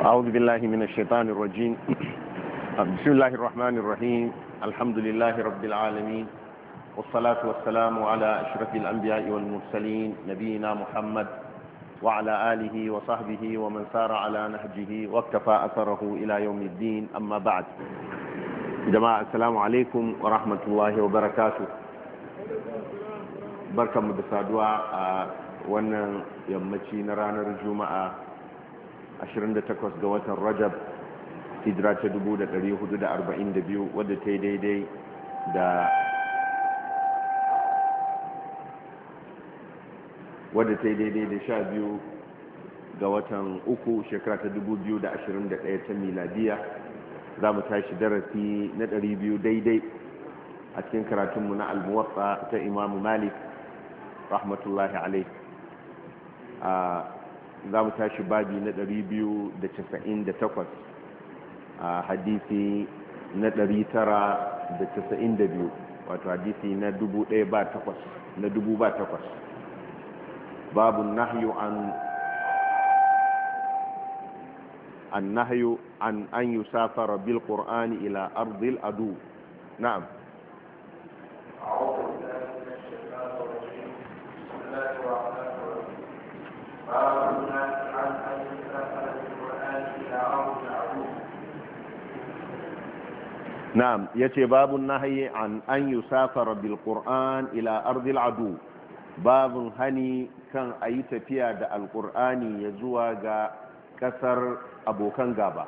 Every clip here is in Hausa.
أعوذ بالله من الشيطان الرجيم بسم الله الرحمن الرحيم الحمد لله رب العالمين والصلاة والسلام على أشرف الأنبياء والمرسلين نبينا محمد وعلى آله وصحبه ومن سار على نهجه واكتفى أثره إلى يوم الدين أما بعد جماعة السلام عليكم ورحمة الله وبركاته بركة مدسادوا آه، وانا يمتشي نرانا رجوما 28 ga watan rajab hijira ta 442 wadda ta yi daidai da wadda ta yi daidai da biyu ga watan uku shekara ta 2021 ta miladiya za mu tashi darasi na 200 daidai a cikin karatunmu na almuwatsa ta imamu malik rahmatullahi alaihi ah, za mu tashi babi na 298 a hadisi na 992 wato hadisi na 1008 na 2008 babu nahyu an an nahyu an an yi safara bil ƙor'ani ila arzil adu na'am Thank uh you. -huh. na'am yace babu nahyi an an yusafara bil qur'an ila ardil adu babun hani kan ayi tafiya da alqur'ani ya zuwa ga kasar abokan gaba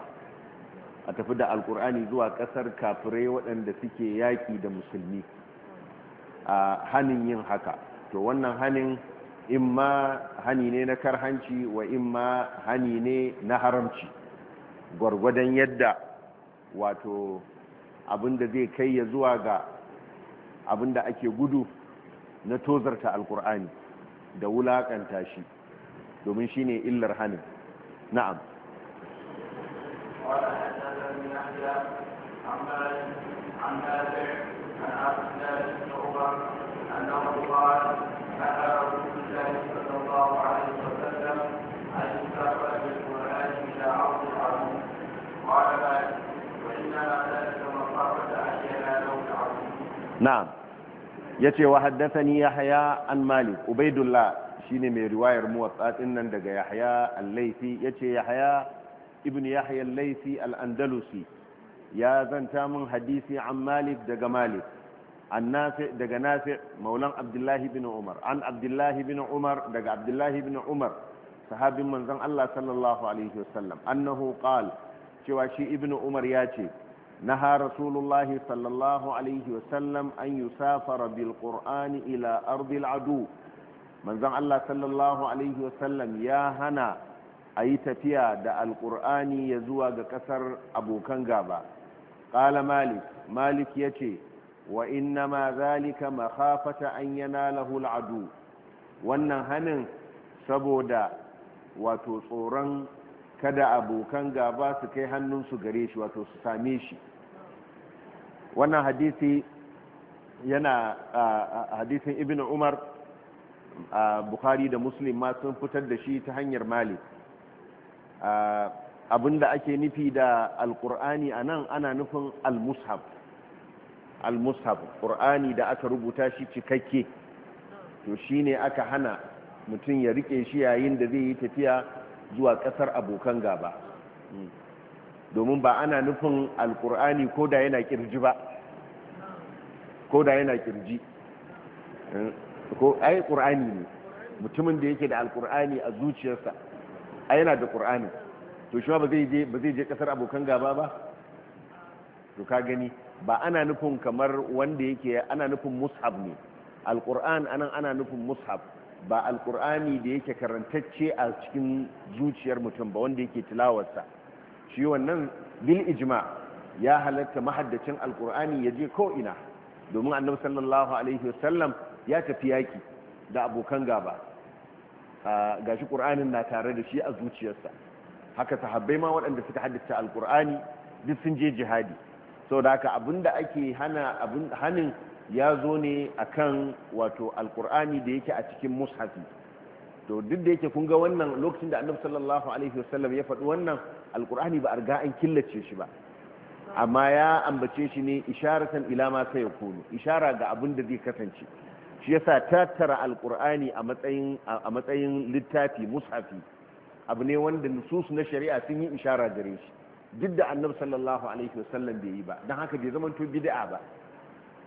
a tafi da alkur'ani zuwa kasar kafirai waɗanda suke yaƙi da musulmi a hanin yin haka to wannan hanin imma hani ne na karhanci wa imma hani ne na haramci gwargwadon yadda wato abinda zai kai ya zuwa ga abinda ake gudu na tozarta alkur'ani da wulaƙanta shi domin shi ne illar hannun na'am عن نافع عن عبد الله بن عمر قال na'am yace wa haddathani yahya an malik ubaidullah shine mai riwayar muwatta din nan daga yahya al-laifi yace yahya ibn yahya al-laifi al-andalusi ya zanta min hadisi an malik daga malik an nafi daga nafi maulan abdullahi bin umar an abdullahi bin umar daga abdullahi bin umar sahabin manzon Allah sallallahu alaihi wasallam annahu qala cewa shi ibnu umar ya ce نهى رسول الله صلى الله عليه وسلم أن يسافر بالقرآن إلى أرض العدو من زم الله صلى الله عليه وسلم يا هنا أي تفيا دا القرآن يزوى كسر أبو كنغابا قال مالك مالك يتي وإنما ذلك مخافة أن يناله العدو wannan hanin saboda wato tsoron kada abokan gaba su kai hannunsu gare shi wato su same shi wannan hadisi yana hadisin ibn umar bukhari da muslim ma sun fitar da shi ta hanyar malik abinda ake nufi da alkur'ani a nan ana nufin al mushab al mushab ƙur'ani da aka rubuta shi cikakke to shi ne aka hana mutum ya rike shi yayin da zai yi tafiya zuwa ƙasar abokan gaba hmm. domin ba ana nufin alkur'ani ko da yana kirji ba ko da yana kirji eh, ko ai qur'ani ne mutumin da yake da alkur'ani a zuciyarsa ai yana da qur'ani to shi ba zai je ba zai je kasar abokan gaba ba to ka gani ba ana nufin kamar wanda yake ana nufin mushaf ne alkur'an anan ana nufin mushaf ba alkur'ani da yake karantacce a cikin zuciyar mutum ba wanda yake tilawarsa shi wannan bil ijma ya halatta mahaddacin alkur'ani ya je ko'ina domin annabi sallallahu alaihi wasallam ya tafi yaki da abokan gaba ga shi qur'anin na tare da shi a zuciyarsa haka sahabbai ma waɗanda suka haddace alkur'ani duk sun je jihadi sau da haka abinda ake hana ya zo ne akan wato alkur'ani da yake a cikin mushafi to duk da yake kun ga wannan lokacin da annabi sallallahu alaihi wasallam ya faɗi wannan alkur'ani ba a riga an killace shi ba amma ya ambace shi ne isharatan ilama ma sai yakunu ishara ga abin da zai kasance shi yasa tattara alkur'ani a matsayin a matsayin littafi mushafi abu ne wanda nusus na shari'a sun yi ishara gare shi duk da annabi sallallahu alaihi wasallam bai yi ba dan haka bai zama to bid'a ba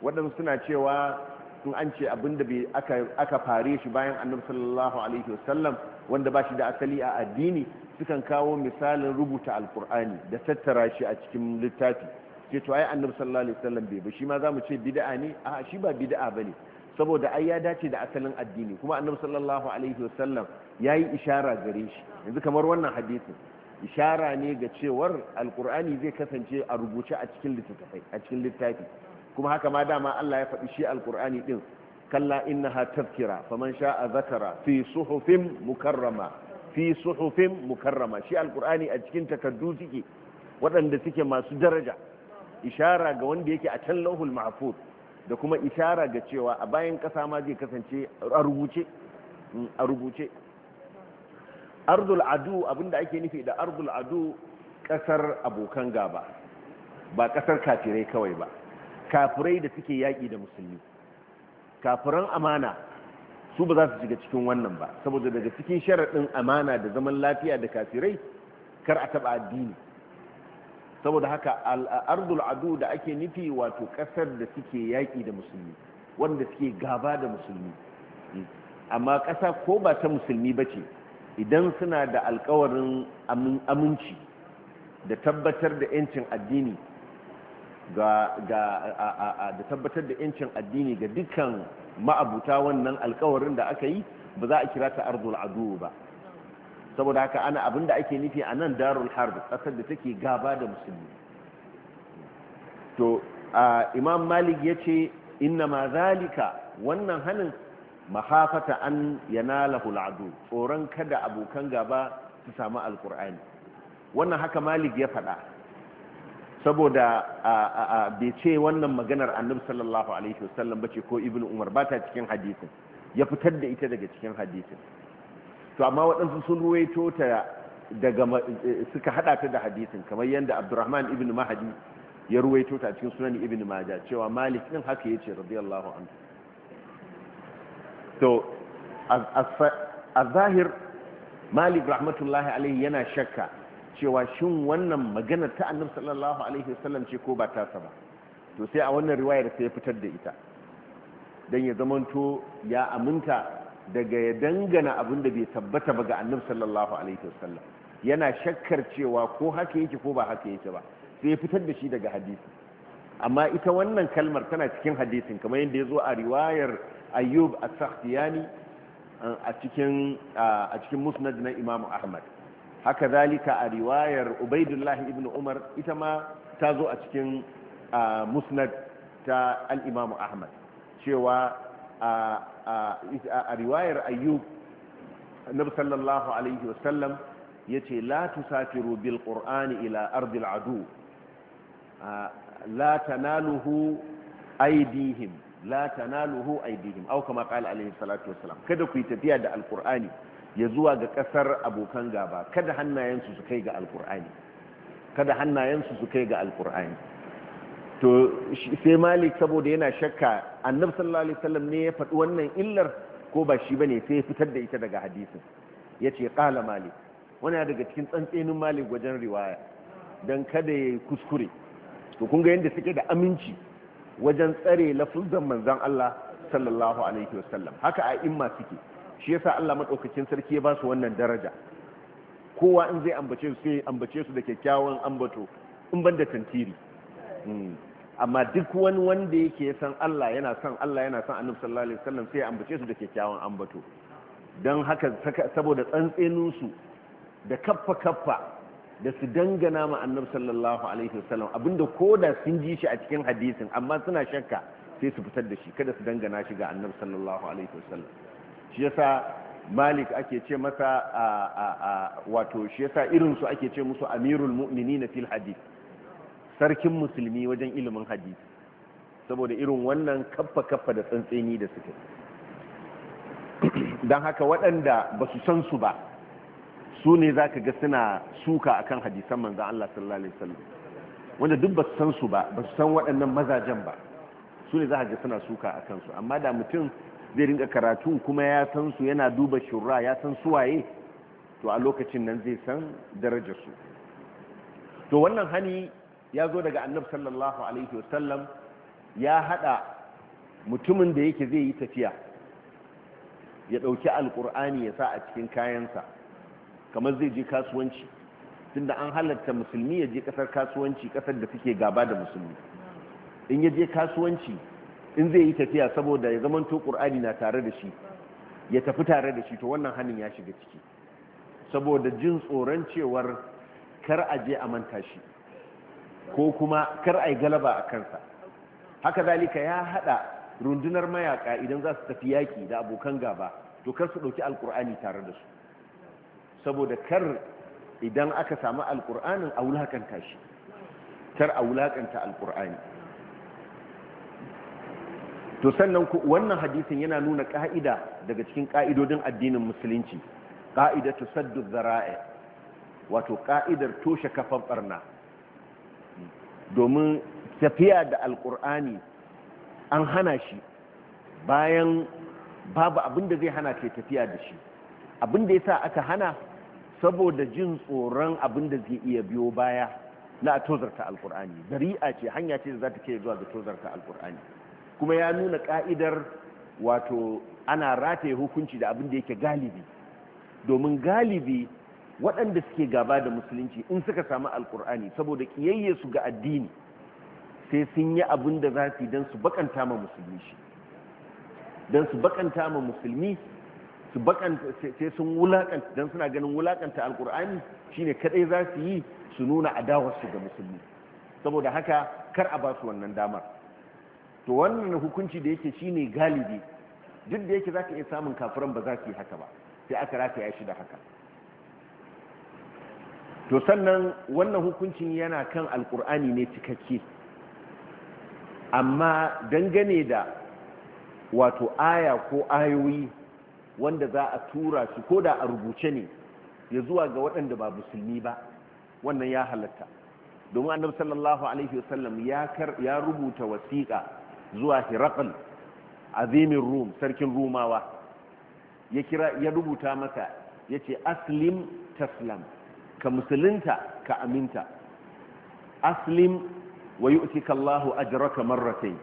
waɗansu suna cewa sun an ce abin da aka fare shi bayan annabi sallallahu alaihi wasallam wanda ba shi da asali a addini sukan kawo misalin rubuta alkur'ani da tattara shi a cikin littafi ce to ai annabi sallallahu alaihi wasallam bai ba shi ma zamu ce bid'a ne a shi ba bid'a bane saboda ai ya dace da asalin addini kuma annabi sallallahu alaihi wasallam yayi ishara gare shi yanzu kamar wannan hadisin ishara ne ga cewar alkur'ani zai kasance a rubuce a cikin littafi a cikin littafi kuma haka ma dama Allah ya faɗi shi alkur'ani din kalla innaha tafkira faman sha'a zakara fi suhufin mukarrama fi suhufin mukarrama shi alqur'ani a cikin takardu suke waɗanda suke masu daraja ishara ga wanda yake a can lauhul mahfuz da kuma ishara ga cewa a bayan ƙasa ma zai kasance a rubuce a rubuce ardul adu abinda ake nufi da ardul adu ƙasar abokan gaba ba ƙasar kafirai kawai ba kafirai da suke yaƙi da musulmi kafiran amana su ba za su shiga cikin wannan ba saboda daga cikin sharaɗin amana da zaman lafiya da kafirai kar a taɓa addini saboda haka al'ardul adu da ake nufi wato ƙasar da suke yaƙi da musulmi wanda suke gaba da musulmi amma ƙasa ko ba ta musulmi ba ce idan suna da alkawarin aminci da tabbatar da 'yancin addini da tabbatar da 'yancin addini ga dukkan ma'abuta wannan alkawarin da aka yi ba za a kira ta arzul adu ba saboda haka ana abin da ake nufi a nan darul harb ƙasar da take gaba da musulmi to imam malik ya ce inna ma zalika wannan hannun mahafata an yanala hul'adu tsoron kada abokan gaba su samu alkur'ani wannan haka malik ya faɗa saboda bai ce wannan maganar annabi sallallahu alaihi wasallam bace ko ibnu umar ba ta cikin hadisin ya fitar da ita daga cikin hadisin to amma waɗansu sun ruwaito ta daga e, suka hada ta da hadisin kamar yadda abdurrahman ibn mahadi ya ruwaito ta cikin sunan ibn maja cewa malik din haka yace radiyallahu anhu to a zahir malik rahmatullahi alaihi yana shakka cewa shin wannan magana ta annabi sallallahu alaihi wasallam ce ko ba ta ba to sai a wannan riwayar sai ya fitar da ita dan ya zamanto ya aminta daga ya dangana abin da bai tabbata ba ga annabi sallallahu alaihi wasallam yana shakkar cewa ko haka yake ko ba haka yake ba sai ya fitar da shi daga hadisi amma ita wannan kalmar tana cikin hadisin kamar yadda ya zo a riwayar ayyub as-sakhtiyani a cikin a cikin musnad na imamu ahmad haka zalika a riwayar ubaidullahi ibn umar ita ma ta zo a cikin musnad ta al'imamu ahmad cewa a riwayar ayyub annabi sallallahu alaihi wasallam ya ce la tusafiru bil qur'ani ila ardil adu la tanaluhu aidihim la tanaluhu aidihim au kama qala alaihi salatu wasalam kada ku yi tafiya da alkur'ani. ya zuwa ga kasar abokan gaba kada hannayensu su kai ga alkur'ani kada hannayensu su kai ga alkur'ani to sai malik saboda yana shakka annabi sallallahu alaihi wasallam ne ya faɗi wannan illar ko ba shi bane sai ya fitar da ita daga hadisin yace qala malik wani daga cikin tsantsenin malik wajen riwaya dan kada ya kuskure to kun ga yanda suke da aminci wajen tsare lafuzan manzon Allah sallallahu alaihi wasallam haka a imma suke shi yasa Allah madaukakin sarki ya ba su wannan daraja kowa in zai ambace su sai ambace su da kyakkyawan ambato in banda tantiri hmm. amma duk wani wanda yake san Allah yana san Allah yana san Annabi sallallahu alaihi wasallam sai ambace su da kyakkyawan ambato don haka saboda tsantsenin su da kaffa kaffa da su dangana ma Annabi sallallahu alaihi wasallam abinda koda sun ji shi a cikin hadisin amma suna shakka sai su fitar da shi kada su dangana shi ga Annabi sallallahu alaihi wasallam shi yasa malik ake ce masa a wato shi yasa irinsu ake ce musu amirul mu'mini na fil hadith sarkin musulmi wajen ilimin hadith saboda irin wannan kaffa kaffa da tsantseni da suke don haka waɗanda ba su san su ba su ne za ka ga suna suka akan hadisan manzan Allah sallallahu alaihi wasallam wanda duk ba su san su ba ba su san waɗannan mazajen ba su ne za ka ga suna suka akan su amma da mutum zai rinka karatu kuma ya san su yana duba shura ya san waye to a lokacin nan zai san su. to wannan hani ya zo daga annab sallallahu alaihi wasallam ya hada mutumin da yake zai yi tafiya ya dauki alkur'ani ya sa a cikin kayansa kamar zai je kasuwanci tunda an halatta musulmi ya je kasar kasuwanci kasar da suke gaba da musulmi in ya je kasuwanci in zai yi tafiya saboda ya zama to ƙur'ani na tare da shi ya tafi tare da shi to wannan hannun ya shiga ciki saboda jin tsoron cewar kar a je a manta shi ko kuma kar a yi galaba a kansa haka zalika ya haɗa rundunar mayaka idan za su tafi yaki da abokan gaba to kar su ɗauki alkur'ani tare da su saboda kar idan aka samu alkur'anin a wulakanta shi kar a wulakanta alkur'ani to sannan wannan hadisin yana nuna ka'ida daga cikin ka'idodin addinin musulunci ka'idatu saddu zara'i wato ka'idar toshe kafan barna domin tafiya da alkur'ani an hana shi bayan babu abin da zai hana ke tafiya da shi abin da ya sa aka hana saboda jin tsoron abin da zai iya biyo baya na tozarta alkur'ani dari'a ce hanya ce da za ta ke zuwa ga tozarta alkur'ani kuma ya nuna ka'idar wato ana rataye hukunci da abin da yake galibi domin galibi waɗanda suke gaba da musulunci in suka samu alkur'ani saboda kiyayye su ga addini sai sun yi abin da za su yi don su bakanta ma musulmi shi don su bakanta ma musulmi su bakanta sai sun wulakanta don suna ganin wulakanta alkur'ani shine kaɗai za su yi su nuna adawarsu ga musulmi saboda haka kar a ba su wannan damar to wannan hukunci da yake shine galibi duk da yake zaka iya samun kafiran ba za su yi haka ba sai aka ya shi da haka to sannan wannan hukuncin yana kan alkur'ani ne cikakke amma dangane da wato aya ko ayoyi wanda za a tura su ko da a rubuce ne ya zuwa ga waɗanda ba musulmi ba wannan ya halatta domin annabi sallallahu alaihi wasallam ya rubuta wasiƙa zuwa hirakal azimin rum sarkin rumawa ya kira ya rubuta masa ya ce aslim taslam ka musulunta ka aminta aslim wa yu'tika Allahu ajraka marratayn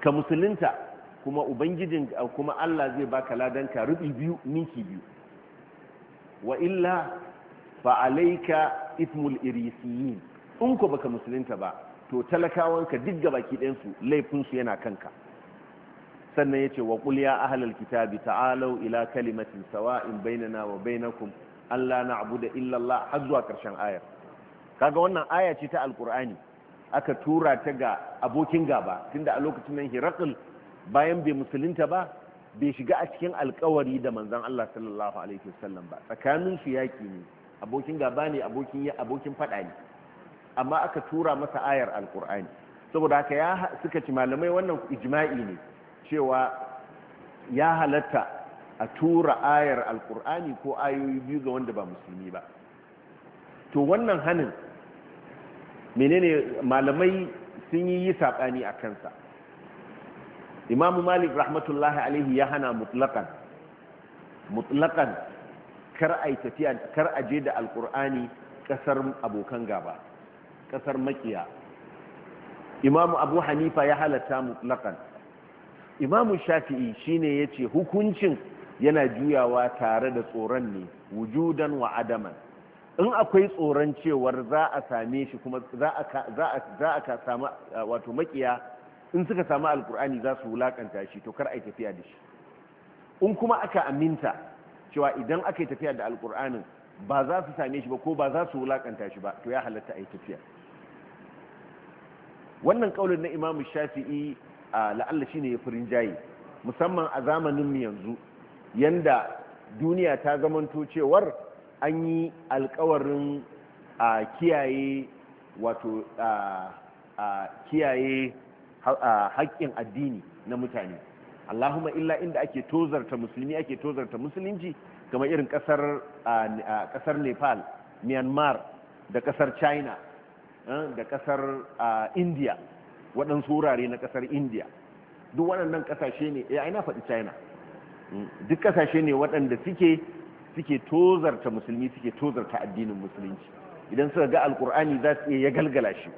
ka musulunta kuma ubangijin kuma Allah zai baka ladanka rubi biyu ninki biyu wa illa fa'alaika alayka ithmul irisiyin in ko baka musulunta ba to talakawanka duk ga baki ɗansu laifinsu yana kanka sannan ya ce wa ƙul ya ahalar kitabi ta'alau ila kalimatin sawa'in bainana wa bainakum Allah na abu da illallah har zuwa ƙarshen ayar kaga wannan aya ce ta alƙur'ani aka tura ta ga abokin gaba tunda a lokacin nan hirakul bayan bai musulunta ba bai shiga a cikin alkawari da manzan Allah sallallahu alaihi wasallam ba tsakanin su yaki ne abokin gaba ne abokin ya abokin fada ne amma aka tura masa ayar alkur'ani saboda haka ya suka ci malamai wannan ijma'i ne cewa ya halatta a tura ayar alkur'ani ko ayoyi biyu ga wanda ba musulmi ba to wannan hannun menene malamai sun yi yi saɓani a kansa imamu malik rahmatullahi alaihi ya hana mutlakan mutlakan kar a tafiya kar a je da alkur'ani ƙasar abokan gaba kasar makiya imamu abu hanifa ya halatta mutlakan imamu shafi'i shine ya ce hukuncin yana juyawa tare da tsoron ne wujudan wa adaman in akwai tsoron cewar za a same shi kuma za a ka samu wato makiya in suka samu alkur'ani za su wulakanta shi to kar a yi tafiya da shi in kuma aka aminta cewa idan aka yi tafiya da alkur'anin ba za su same shi ba ko ba za su wulakanta shi ba to ya halatta a yi tafiya wannan kaulin na imamu shafi'i la'alla ne ya furin jayi musamman a zamanin mu yanzu yanda duniya ta zamanto cewar an yi alkawarin kiyaye wato kiyaye haƙƙin addini na mutane allahumma illa inda ake tozarta musulmi ake tozarta musulunci kamar irin ƙasar nepal myanmar da ƙasar china Eh, da kasar india waɗansu wurare na kasar india duk waɗannan ƙasashe ne ya eh, ina faɗi china mm, duk ƙasashe ne waɗanda suke suke tozarta musulmi suke tozarta addinin musulunci idan suka ga alkur'ani za su iya ya galgala shi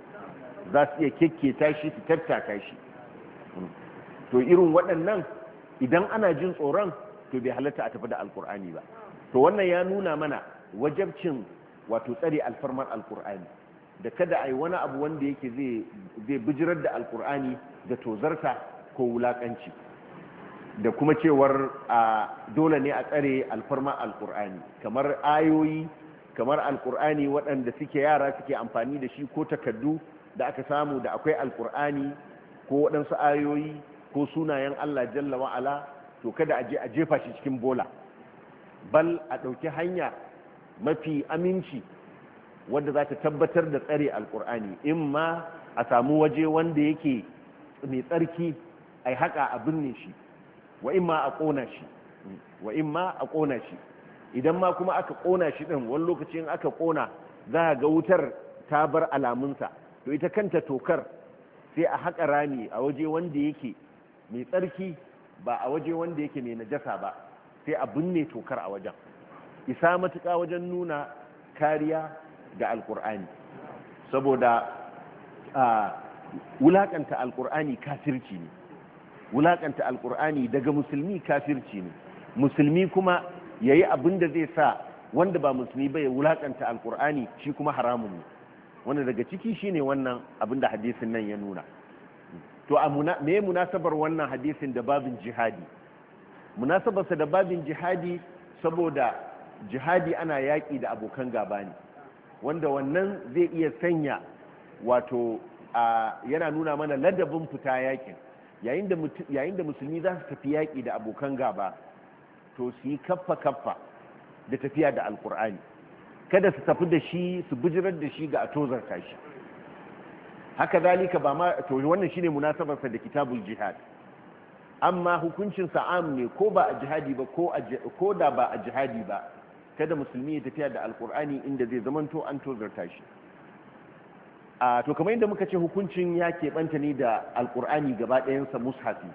za su iya kekketa shi su tattaka shi mm. to irin waɗannan idan ana jin tsoron to bai halatta a tafi da alkur'ani ba to wannan ya nuna mana wajabcin wato tsare alfarmar alkur'ani da kada a yi wani abu wanda yake zai bijirar da alkur'ani da tozarta ko wulaƙanci. da kuma cewar a dole ne a tsare alfarma alkur'ani kamar ayoyi kamar alkur'ani waɗanda suke yara suke amfani da shi ko takaddu da aka samu da akwai alkur'ani ko waɗansu ayoyi ko sunayen allah jalla wa'ala to kada a jefa shi cikin bola bal a ɗauki hanya mafi aminci Wanda za ta tabbatar da tsare alkur'ani in ma a samu waje wanda yake mai tsarki a haka a binne shi wa in ma a ƙona shi wa in ma a ƙona shi idan ma kuma aka ƙona shi ɗin wani lokaci in aka ƙona za a ga wutar ta bar alamunsa to ita kanta tokar sai a haƙa rami a waje wanda yake mai tsarki ba a waje wanda yake mai najasa ba sai a binne tokar a wajen isa matuka wajen nuna kariya ga alkur'ani saboda wulakanta alkur'ani kafirci ne wulakanta alkur'ani daga musulmi kafirci ne musulmi kuma ya yi abin da zai sa wanda ba musulmi ba ya wulakanta alkur'ani shi kuma haramun ne wanda daga ciki shine wannan abin da hadisin nan ya nuna to me munasabar wannan hadisin da babin jihadi munasabarsa da babin jihadi saboda jihadi ana yaƙi da abokan gaba ne wanda wannan zai iya sanya wato yana nuna mana ladabin fita yakin yayin da musulmi za su tafi yaki da abokan gaba to su yi kaffa-kaffa da tafiya da alkur'ani kada su tafi da shi su bijirar da shi ga a tozarta shi haka zalika ba ma to wannan shi ne munasabarsa da kitabun jihad amma hukuncin sa'am ne ko ba a jihadi ba ko da ba a jihadi ba kada musulmi ya tafiya da alkur'ani inda zai zamanto an tozarta shi a to kamar yadda muka ce hukuncin ya keɓanta ne da alkur'ani gaba ɗayansa mushafi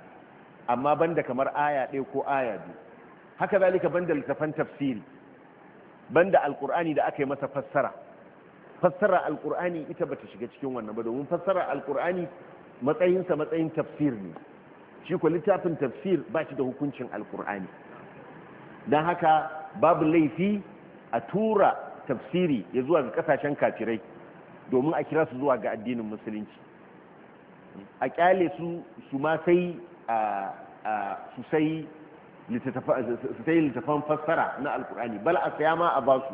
amma banda kamar aya ɗaya ko aya biyu haka zalika banda littafan tafsiri banda alkur'ani da aka yi masa fassara fassara alkur'ani ita bata shiga cikin wannan ba domin fassara alkur'ani matsayinsa matsayin tafsir ne shi ko littafin tafsir ba shi da hukuncin alkur'ani don haka babu laifi a tura tafsiri ya zuwa ga kasashen kafirai domin a kira su zuwa ga addinin musulunci a kyale su su ma sai su sai littafan fassara na alkur'ani bal a saya ma a ba su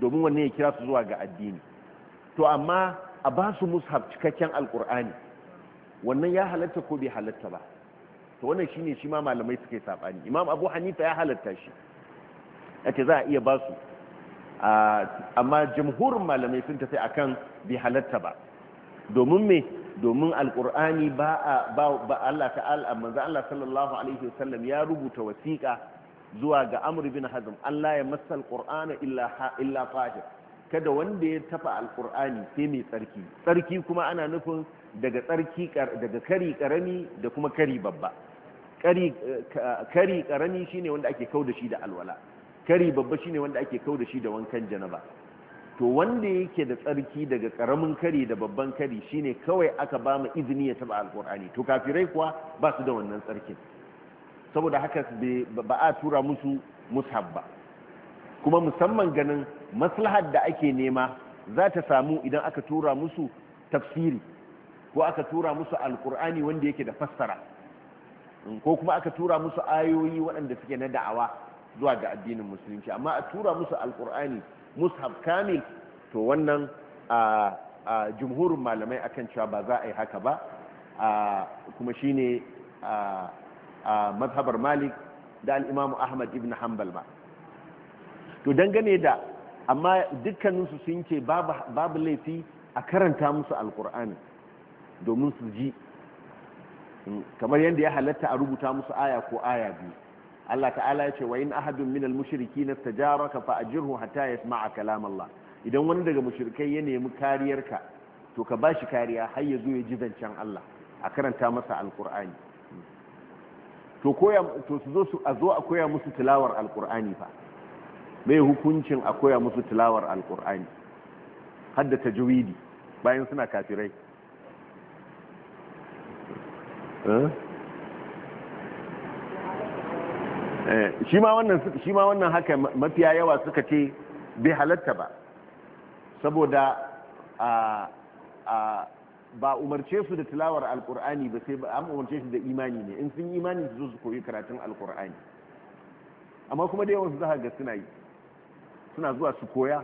domin wannan ya kira su zuwa ga addini to amma a ba su mushaf cikakken alkur'ani wannan ya halatta ko bai halatta ba to wannan shine shi ma malamai suka yi sabani imam abu hanifa ya halatta shi yace za a iya ba su amma jamhurin malamai sun tafi akan bi halatta ba domin me domin alkur'ani ba ba Allah ta'ala manzo Allah sallallahu alaihi wasallam ya rubuta wasiƙa zuwa ga Amr bin Hazm Allah ya massa alqur'ana illa illa kada wanda ya tafa alkur'ani sai mai tsarki tsarki kuma ana nufin daga tsarki daga kari karami da kuma kari babba kari eh, karami shine wanda ake kauda shi da alwala kari babba shine wanda ake kau da shi da wankan janaba to wanda yake da tsarki daga karamin kari da babban kari shine kawai aka ba mu izini ya taba alkur'ani to kafirai kuwa ba su da wannan tsarkin saboda haka ba a tura musu mushaf ba kuma musamman ganin maslahar da ake nema za ta samu idan aka tura musu tafsiri ko aka tura musu alkur'ani wanda yake da fassara ko kuma aka tura musu ayoyi waɗanda suke na da'awa zuwa ga addinin musulunci amma a tura musu alkur'ani mushaf kamil to wannan a jumhurin malamai akan cewa ba za a yi haka ba kuma shine a mazhabar malik da al'imamu ahmad ibn hanbal ba to dangane da amma dukkaninsu sun ce babu laifi a karanta musu alkur'ani domin su ji kamar yadda ya halatta a rubuta musu aya ko aya biyu Allah ta'ala ya ce wa in ahadun minal mushriki na tajaraka fa ajirhu hatta yasma'a kalam Allah idan wani daga mushrikai ya nemi kariyarka to ka bashi kariya har ya zo ya ji zancen Allah a karanta masa alqur'ani to koya to su zo su a zo a koya musu tilawar alqur'ani fa mai hukuncin a koya musu tilawar alqur'ani har da tajwidi bayan suna kafirai eh? Eh, shi ma wannan haka mafiya yawa suka ce bai halatta ba saboda ba umarce su da tilawar alkur'ani ba sai an umarce su da imani ne in sun imani su zo su koyi karatun alkur'ani amma kuma da su za ga suna yi suna zuwa su koya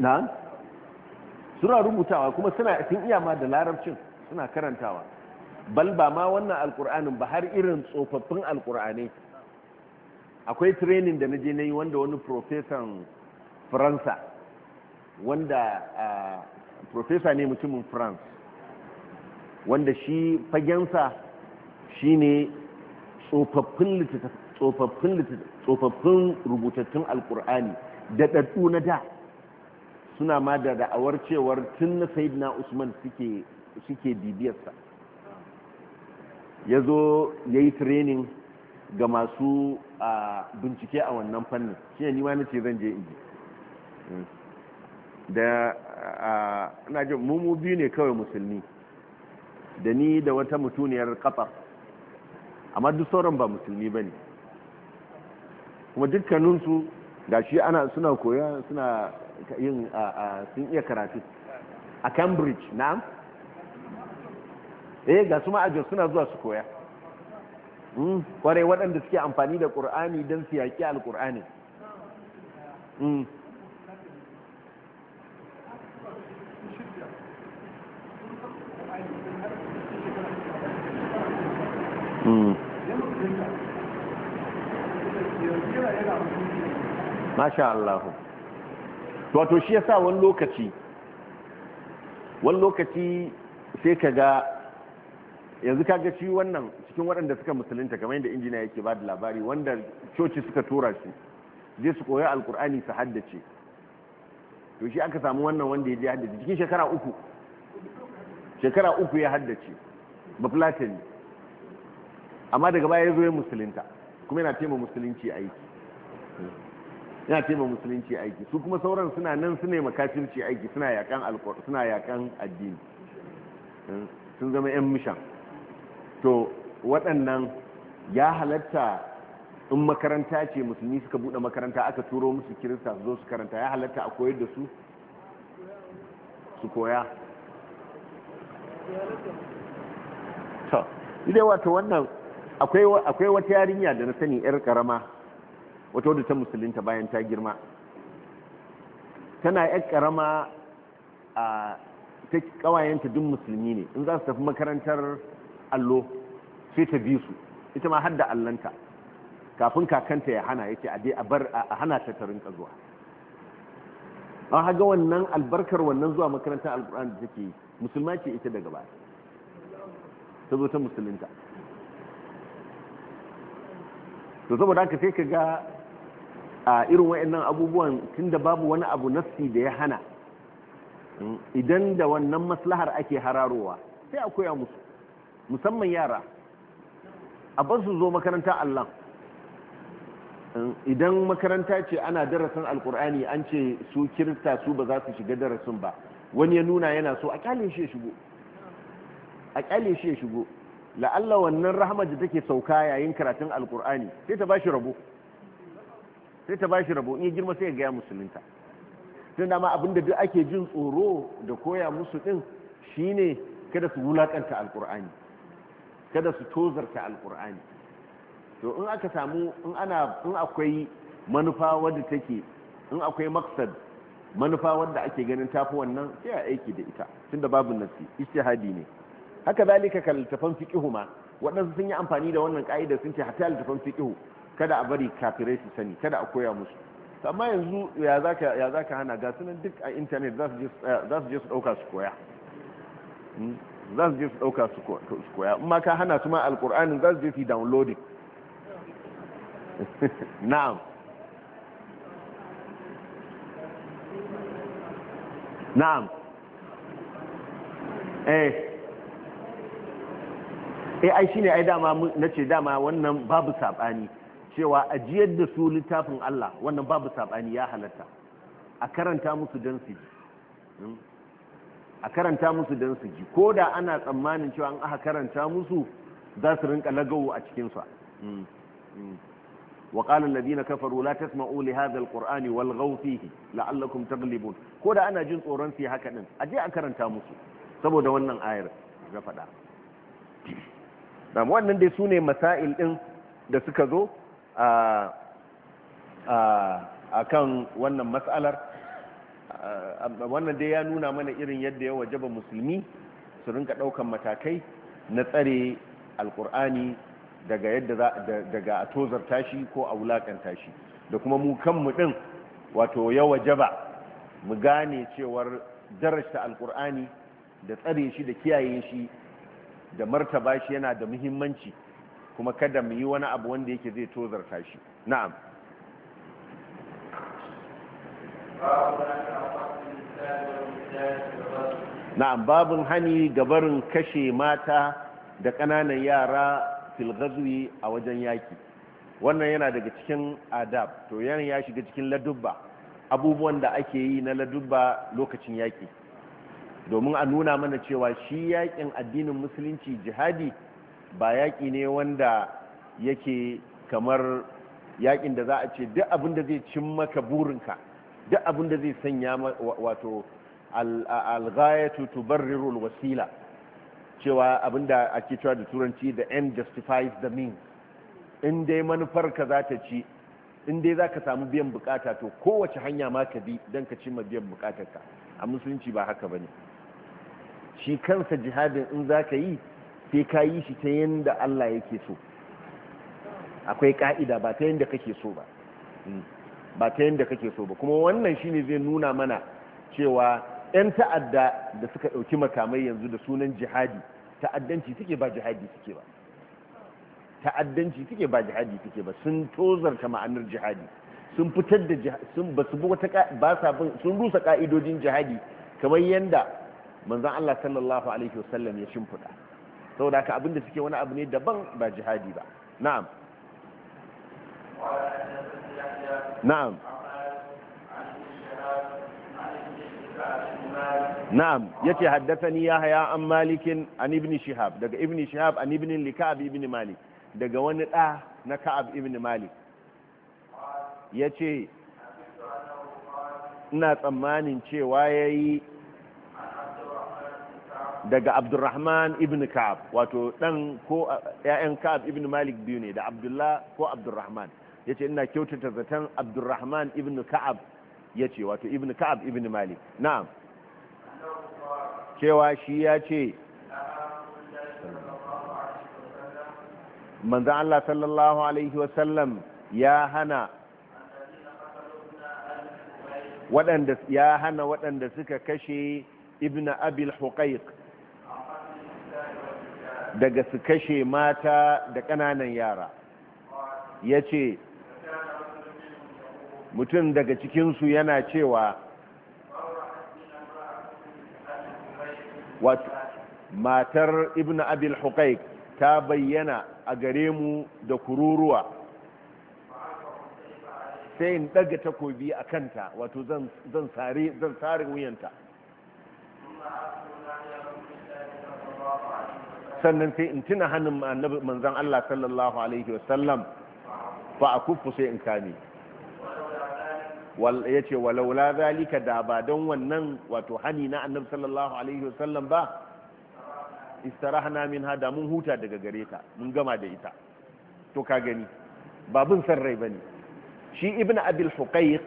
na suna rubutawa kuma suna sun iya ma da larabcin suna karantawa bal ba ma wannan alkur'anin ba har irin tsofaffin alkur'ani akwai training da na je na yi wanda wani profesan faransa wanda profesa ne mutumin france wanda shi fagensa shi ne tsofaffin rubutattun alkur'ani da ɗaɗɗu na da suna ma da da'awar cewar tun na Sayyidina usman suke bibiyarsa ya zo ya yi training ga masu bincike a wannan fannin shi ne nima ce zan je inji hmm. da na ji mummu biyu ne kawai musulmi da ni da wata mutuniyar kafar amma duk sauran ba musulmi ba ne kuma dukkaninsu ga shi ana suna koya suna yin sun iya karatu a cambridge na eh ga su ma'ajin suna zuwa su koya hmm, kwarai waɗanda suke amfani da ƙur'ani don su yaƙi alƙur'ani hmm. hmm. Masha Allah. Wato shi ya sa wani lokaci, wani lokaci sai ka ga yanzu kaga shi wannan cikin waɗanda suka musulunta kamar yadda injina yake ba da labari wanda coci suka tura shi zai su koya alkur'ani su haddace to shi aka samu wannan wanda ya je haddace cikin shekara uku shekara uku ya haddace ba platin amma daga baya ya zo ya musulunta kuma yana tema musulunci aiki yana tema musulunci aiki su kuma sauran suna nan su ne makafirci aiki suna yakan addini sun zama 'yan mishan to waɗannan ya halatta in makaranta ce musulmi suka buɗe makaranta aka turo musu kirista su zo su karanta ya halatta a koyar da su su koya to idai wato wannan akwai wata yarinya da na sani yar karama wato da ta musulunta bayan ta girma tana yar karama a ta kawayenta duk musulmi ne in za su tafi makarantar allo sai ta bi su ita ma hadda allanta kafin kakanta ya hana yake a bar a hana ta tarin ka zuwa an haga wannan albarkar wannan zuwa makarantar Alqur'an da take musulma ce ita daga baya ta zo ta musulunta to saboda haka sai ka ga a irin wa'annan abubuwan tunda babu wani abu nassi da ya hana hmm, idan da wannan maslahar ake hararowa sai akwai a musu musamman yara a bar su zo makaranta allah idan makaranta ce ana darasin alkur'ani an ce su kirista su ba za su shiga darasin ba wani ya nuna yana so a kyale shi ya shigo a kyale shi ya shigo la'alla wannan rahmar da take sauka yayin karatun alkur'ani sai ta ba shi rabo sai ta ba shi rabo in ya girma sai ya gaya musulunta tun da abinda duk ake jin tsoro da koya musu din ne kada su wulakanta alkur'ani kada su tozarta alkur'ani to in aka samu in ana in akwai manufa wadda take in akwai maksad manufa wadda ake ganin tafi wannan sai a aiki da ita tunda babu nasi ijtihadi ne haka zalika kal tafan fiqhu ma waɗansu sun yi amfani da wannan ka'ida sun ce hatta tafan fiqhu kada a bari kafirai su sani kada a koya musu amma yanzu ya zaka ya zaka hana ga sunan duk a internet za su je su ɗauka su koya hmm? za su je su ɗauka su koya in ma ka hana su ma Alkur'ani za su je su yi downloading na'am na'am eh eh ai shine ai dama nace dama wannan babu sabani cewa ajiyar da su littafin Allah wannan babu sabani ya halatta a karanta musu dan su hmm? a karanta musu don su ji ko da ana tsammanin cewa an aka karanta musu za su rinka lagawo a cikinsa وقال الذين كفروا لا تسمعوا لهذا القران والغوا فيه لعلكم تغلبون كودا انا جن تورن haka din a je a karanta musu saboda wannan ayar da fada dan wannan dai sune masail din da suka zo a a akan wannan mas'alar wannan dai ya nuna mana irin yadda ya wajaba musulmi su rinka ɗaukan matakai na tsare alkur'ani daga yadda daga a tozarta shi ko a wulakanta tashi. da kuma mu kanmu ɗin wato ya wajaba mu gane cewar darasta alkur'ani da tsare shi da kiyaye shi da martaba shi yana da muhimmanci kuma kada mu yi wani abu wanda yake zai tozarta shi na'am na'am babin hani gabarin kashe mata da ƙananan yara filgazwi a wajen yaki wannan yana daga cikin adab to yana ya shiga cikin ladubba abubuwan da ake yi na ladubba lokacin yaki domin a nuna mana cewa shi yakin addinin musulunci jihadi ba yaki ne wanda yake kamar yakin da za a ce duk abin da zai cin maka burinka duk abin da zai sanya wato al tubarriru al-wasila cewa abin da ake cewa da turanci the end justifies the means in dai manufar ka za ta ci in dai za ka samu biyan bukata to kowace hanya ma ka bi don ka ci ma biyan bukatar ka a musulunci ba haka ba ne shi kansa jihadin in za ka yi sai ka yi shi ta yanda allah yake so akwai ka'ida ba ta yadda kake so ba hmm. ba ta yadda kake so ba kuma wannan shine zai nuna mana cewa 'yan ta'adda da suka ɗauki makamai yanzu da sunan jihadi ta'addanci suke ba jihadi suke ba ta'addanci suke ba jihadi suke ba sun tozarta ma'anar jihadi sun fitar da sun ba su wata ba sa bin sun rusa ka'idojin jihadi kamar yanda manzon Allah sallallahu alaihi wasallam ya shimfida saboda haka abinda suke wani abu ne daban ba jihadi ba na'am na'am yace haddasa haddathani yahya an malikin an ibn shihab daga ibn shihab an ibn likab ibn malik daga wani da na ka'ab ibn malik yace ina tsammanin cewa yayi daga abdurrahman ibn ka'ab wato ɗan ko yayan ka'ab ibn malik biyu ne da abdullah ko abdurrahman ya ce ina kyautata zaton abdurrahman ibn ka'ab ya ce wato ibn ka'ab ibn malik na'am cewa shi ya ce manzan Allah sallallahu alaihi wasallam ya hana waɗanda ya hana waɗanda suka kashe ibn abil huqaiq daga su kashe mata da ƙananan yara ya ce mutum daga cikinsu yana cewa matar ibn abil hukaik ta bayyana a gare mu da kururuwa sai in daga takobi a kanta wato zan sare zan wuyanta sannan sai in tuna hannun manzan Allah sallallahu alaihi wasallam ba a kufu sai in kame ya ce walaula zalika da ba don wannan wato hani na annabi sallallahu alaihi wasallam ba istarahna min hada mun huta daga gare ta mun gama da ita to ka gani babun san rai bane shi ibnu abil huqaiq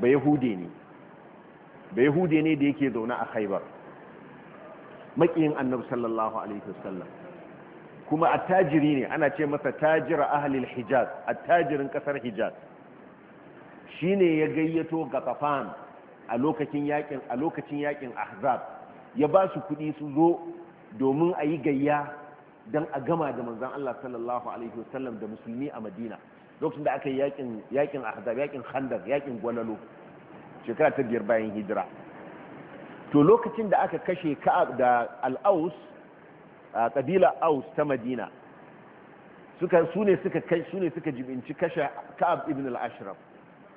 ba yahude ne ba yahude ne da yake zaune a khaibar makiyin annabi sallallahu alaihi wasallam kuma attajiri ne ana ce masa tajira ahlil hijaz attajirin kasar hijaz Shi ne ya gayyato gatafan a lokacin yakin a lokacin yakin ahzab ya ba su kudi su zo domin a yi gayya don a gama da manzan Allah sallallahu alaihi wasallam da musulmi a madina lokacin da aka yi yakin ahzab yakin khandar yakin gwalalo shekara ta biyar bayan hijira to lokacin da aka kashe ka'ab da al-aus kabila aus ta madina suka su ne suka su ne suka jibinci kashe ka'ab ibn al-ashraf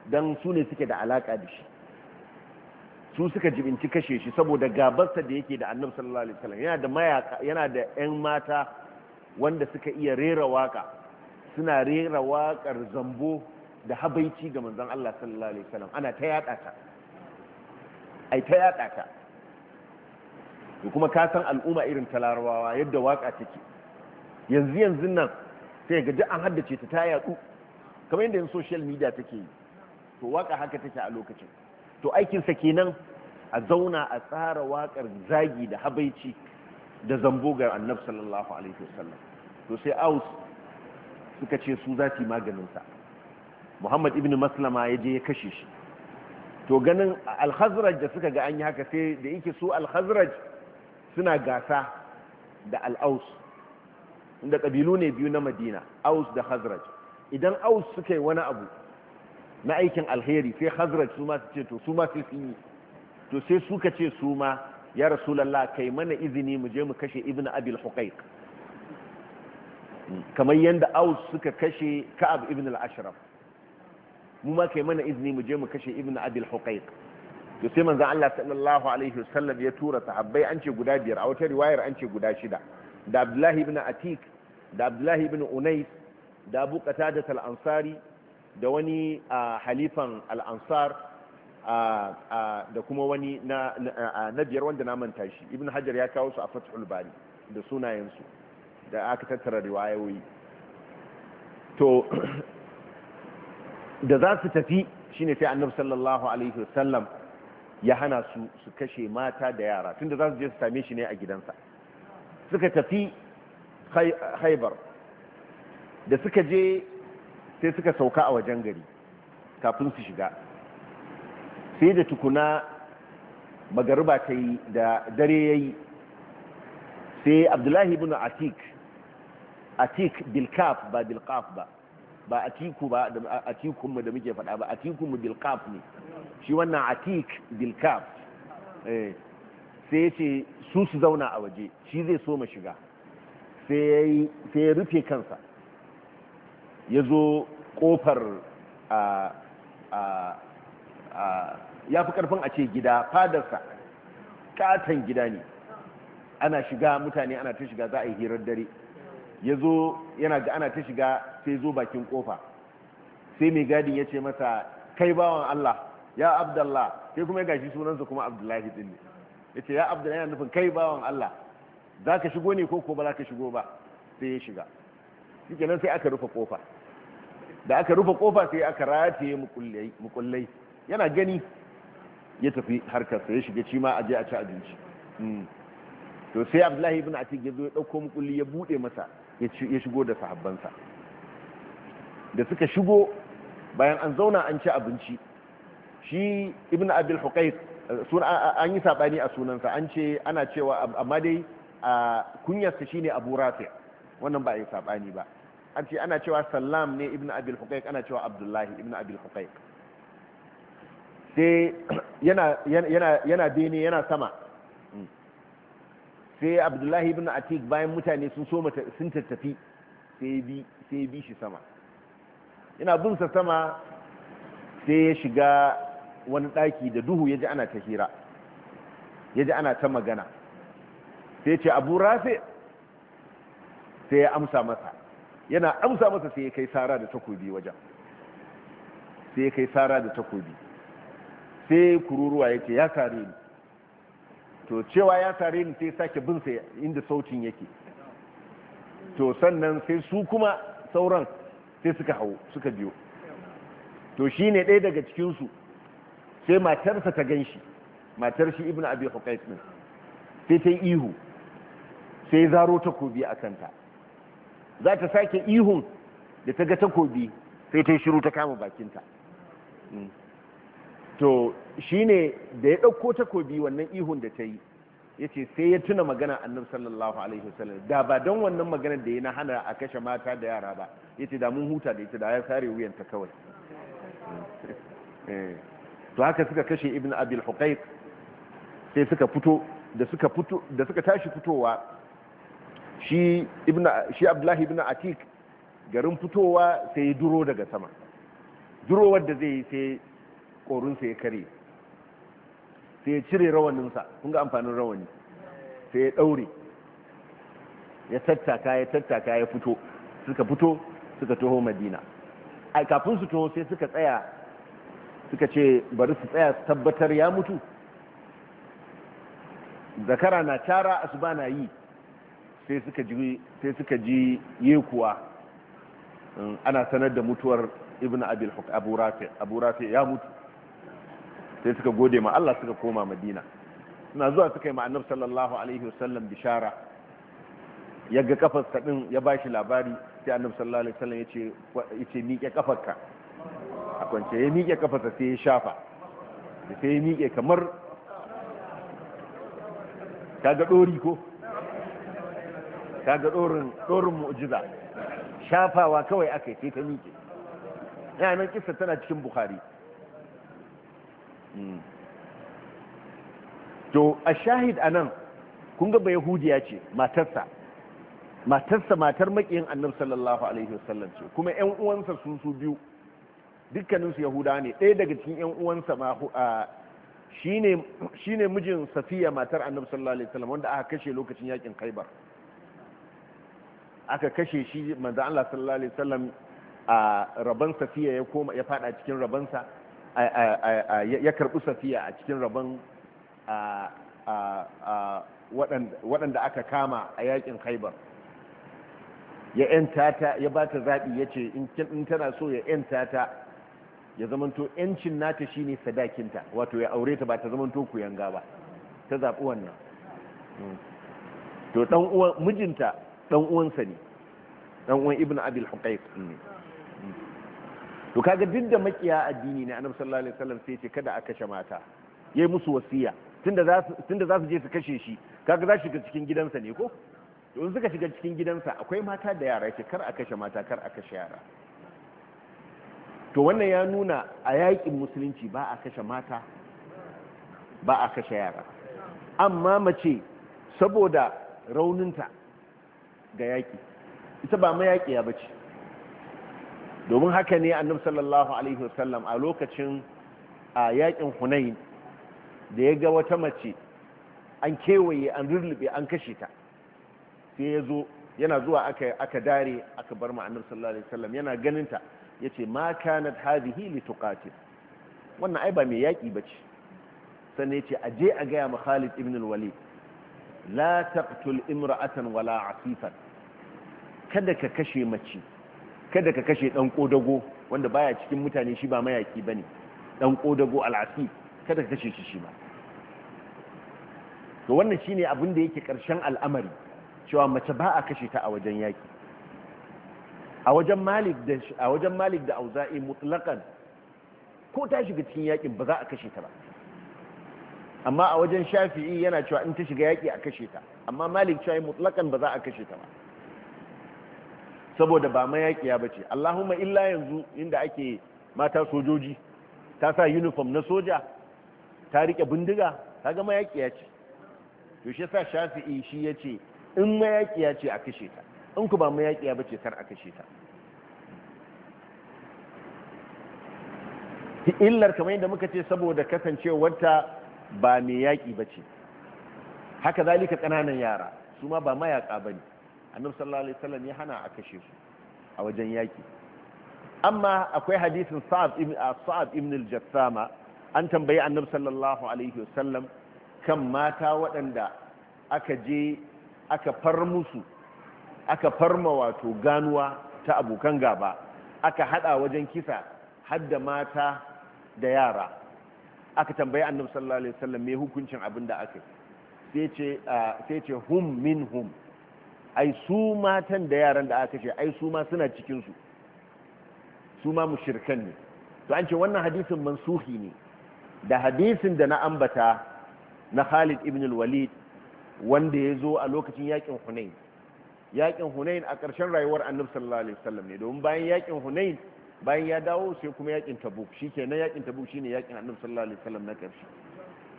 don su ne suke da alaka da shi su suka jibinci kashe shi saboda gabarsa da yake da annabi sallallahu alaihi wasallam yana da mayaka yana da yan mata wanda suka iya rera waka suna rera wakar zambo da habaici ga manzon Allah sallallahu alaihi wasallam ana ta yada ta ai ta yada ta to kuma ka san al'umma irin talarawa yadda waka take yanzu yanzu nan sai ga duk an haddace ta ta yadu kamar yadda social media take yi to waka haka take a lokacin to aikinsa kenan a zauna a tsara wakar zagi da habaici da zambogar ga annab sallallahu alaihi wasallam to sai aus suka ce su za maganin sa maganinsa muhammad ibn maslama ya je ya kashe shi to ganin alhazraj da suka ga an yi haka sai da yake su alhazraj suna gasa da al'aus inda ƙabilu ne biyu na madina aus da hazraj idan aus suka yi wani abu na aikin alheri sai hazrat su ma su ce to su ma sai sun yi to sai suka ce su ma ya rasulallah kai mana izini mu je mu kashe ibn abil huqaiq hmm. kamar yadda aus suka kashe ka'ab ibn al-ashraf mu ma kai mana izini mu je mu kashe ibn abil huqaiq to sai manzon Allah sallallahu alaihi wasallam ya tura sahabbai an ce guda biyar a wata riwayar an ce guda shida da Abdullahi ibn Atik da Abdullahi ibn Unais da Abu Qatadah al-Ansari da wani halifan al'ansar da kuma wani na biyar wanda na manta shi ibn hajar ya kawo su a fathul bari da sunayensu da aka tattara riwayoyi to da za su tafi shi ne sai annabi sallallahu alaihi wasallam ya hana su su kashe mata da yara tun da za su je su same shi ne a gidansa suka tafi haibar da suka je sai suka sauka a wajen gari kafin su shiga sai da tukuna magariba ta yi da dare ya yi sai abdullahi ibn atik atik bilkaf ba bilkaf ba ba atiku ba atikunmu da muke faɗa ba atikunmu bilkaf ne shi wannan atik bilkaf eh, sai ce su su zauna a waje shi zai so ma shiga sai ya rufe kansa ya zo kofar ya fi karfin a ce gida fadarsa katon gida ne ana shiga mutane ana ta shiga za a yi hirar dare ya zo yana ga ana ta shiga sai zo bakin kofa sai mai gadin ya ce masa kai bawan Allah ya abdallah sai kuma ya gashi sunansa kuma abdullahi din ne ya ce ya abdullahi yana nufin kai bawan Allah za ka shigo ne ko ko ba za ka shigo ba sai ya shiga shi kenan sai aka rufe kofa da aka rufe kofa sai aka rataye mukullai yana gani ya tafi harkarsa ya shiga cima a je a ci abinci hmm. to sai abdullahi ibn atik ya zo ya dauko mukulli ya bude masa ya shigo da sahabbansa da suka shigo bayan an zauna an ci abinci shi ibn abil huqais an yi saɓani a sunansa an ce ana cewa amma dai kunyarsa shine abu rafi wannan ba a yi saɓani ba an ce ana cewa sallam ne ibn abil hukaik ana cewa abdullahi ibn abil hukaik sai yana yana bene yana sama hmm. sai abdullahi ibn atik bayan mutane sun so sun tattafi sai bi bi shi sama yana bin sa sama sai ya shiga wani daki da duhu ji ana ta hira ji ana ta magana sai ce abu rafi sai ya amsa masa yana amsa masa sai ya kai sara da takobi wajen sai ya kai sara da takobi sai kururuwa ya ce ya sare ni to cewa ya sare ni sai sake bin sai inda sautin yake to sannan sai su kuma sauran sai suka hau suka biyo to shi ne ɗaya daga cikinsu sai matarsa ta gan shi matar shi ibn abi hukais ɗin sai ta ihu sai zaro takobi a kanta za ta sake ihun da ta ga takobi sai ta yi shiru ta kama bakinta mm. to shi ne da ya ɗauko takobi wannan ihun da ta yi ya ce sai ya tuna magana nan sallallahu alaihi wasallam da ba don wannan magana da ya na hana a kashe mata da yara ba ya ce da mun huta da ita da ya sare wuyanta kawai eh. to haka suka kashe ibn abil huqaiq sai suka fito da suka tashi fitowa shi abdullahi ibn atik garin fitowa sai ya duro daga sama durowar da zai yi sai korinsa ya kare sai ya cire rawaninsa kun ga amfanin rawani sai ya daure ya tattaka ya tattaka ya fito suka fito suka taho madina ai kafin su taho sai suka tsaya suka ce bari su tsaya tabbatar ya mutu zakara na tara asuba na yi sai suka ji sai yekuwa mm, ana sanar da mutuwar ibn abu rafi ya mutu sai suka gode ma Allah suka koma madina suna zuwa suka yi ma sallallahu alaihi wasallam bishara ya ga kafar din ya bashi labari sai annabi sallallahu alaihi wasallam yace ce miƙe ka a kwance ya miƙe kafarsa sai ya shafa sai ya miƙe kamar ta ga ɗori ko kaga dorin dorin mu'jiza shafawa kawai akai sai ta miƙe ina nan kissa tana cikin bukhari hmm. to a shahid anan kun ga bai yahudiya ce matarsa matarsa matar makiyin annabi sallallahu alaihi wasallam ce kuma ƴan uwansa su su biyu dukkaninsu yahuda ne ɗaya daga cikin ƴan uwansa ma shine shine mijin safiya matar annabi sallallahu alaihi wasallam wanda aka kashe lokacin yakin khaibar aka kashe shi manzo Allah sallallahu alaihi wasallam a rabon safiya ya koma ya fada cikin rabon sa ya karbi safiya a cikin rabon waɗanda aka kama a yakin Khaibar ya yanta ta ya ba ta zaɓi ya ce in tana so ya yanta ta ya zamanto yancin nata shine sadakinta wato ya aure ta ba ta zamanto kuyanga ba ta zaɓi wannan hmm. to ɗan uwan mijinta dan uwansa ne dan uwan ibn abil huqayq ne mm. mm. to kaga duk da makiya addini ne annabi sallallahu alaihi wasallam sai ce kada a kashe mata yayi musu wasiya tunda za su tunda za su je su kashe shi kaga za su shiga cikin gidansa ne ko to suka shiga cikin gidansa akwai mata da yara ce kar a kashe mata kar a kashe yara to wannan ya nuna a yakin musulunci ba a kashe mata ba a kashe yara amma mace saboda rauninta ga yaƙi ita ba mayaƙiya ba ce domin haka ne annab sallallahu alaihi wasallam a lokacin a yaƙin hunayin da ya ga wata mace an kewaye an rurrube an kashe ta sai ya zo yana zuwa aka dare aka bar ma sallallahu alaihi wasallam yana ganinta ya ce ma kanat hadhihi li tuqatil wannan ai ba mai yaƙi ba ce sannan ya ce a je a gaya ma Khalid ibn al-Walid la taqtul imra'atan wala asifan kada ka kashe mace kada ka kashe dan kodago wanda baya cikin mutane shi ba mayaki bane dan kodago al'asif kada ka kashe shi shi ba to wannan shine abin da yake karshen al'amari cewa mace ba a kashe ta a wajen yaki a wajen malik da a wajen malik da auza'i mutlaqan ko ta shiga cikin yakin ba za a kashe ta ba amma a wajen shafi'i yana cewa in ta shiga yaƙi a kashe ta amma malik cewa mutlakan ba za a kashe ta ba saboda ba yaƙi ya bace allahumma illa yanzu inda ake mata sojoji ta sa uniform na soja ta riƙe bindiga ta ga ya ce to shi sa shafi'i shi ya ce in ya ce a kashe ta in ku ba yaƙi ya bace kar a kashe ta illar kamar yadda muka ce saboda kasancewarta ba mai yaƙi ba ce haka zalika ƙananan yara su ma ba mayaƙa ba ne annabi sallallahu alaihi wasallam ya hana a kashe su a wajen yaƙi amma akwai hadisin sa'ad ibn al-jassama an tambayi annabi sallallahu alaihi wasallam kan mata waɗanda aka je aka far musu aka farma wato ganuwa ta abokan gaba aka hada wajen kisa hadda mata da yara aka tambayi annabi sallallahu alaihi wasallam me hukuncin abin da aka sai ce sai ce hum minhum ai su matan da yaran da aka ce ai su ma suna cikin su su ma mushirkan ne to an ce wannan hadisin mansuhi ne da hadisin da na ambata na Khalid ibn al-Walid wanda ya zo a lokacin yakin Hunain yakin Hunain a ƙarshen rayuwar Annabi sallallahu alaihi wasallam ne domin bayan yakin Hunain bayan ya dawo sai kuma yakin tabuk shikenan yakin tabuk ne yakin annabi sallallahu alaihi wasallam na karshe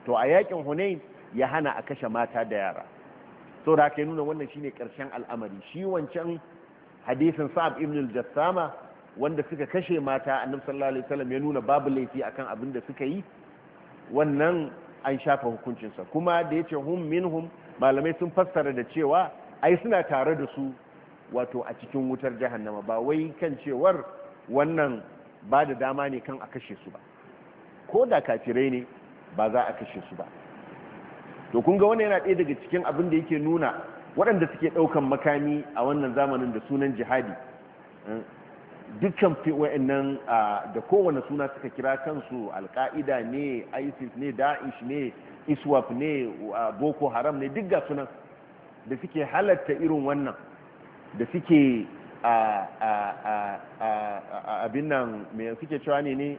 to a yakin hunain ya hana a kashe mata da yara to da kai nuna wannan shine karshen al'amari shi wancan hadisin sa'ab ibn al-jassama wanda suka kashe mata annabi sallallahu alaihi wasallam ya nuna babu laifi akan abin da suka yi wannan an shafa hukuncinsa kuma da yace hum minhum malamai sun fassara da cewa ai suna tare da su wato a cikin wutar jahannama ba wai kan cewar wannan ba da dama ne kan a kashe su ba ko da kafirai ne ba za a kashe su ba to kun ga wannan yana ɗaya daga cikin abin da yake nuna waɗanda suke ɗaukan makami a wannan zamanin da sunan jihadi dukkan nan da kowane suna suka kira kansu alka'ida ne isis ne da'ish ne iswaf ne boko haram ne duk ga sunan da suke halatta irin wannan da suke abin nan mai suke cewa ne ne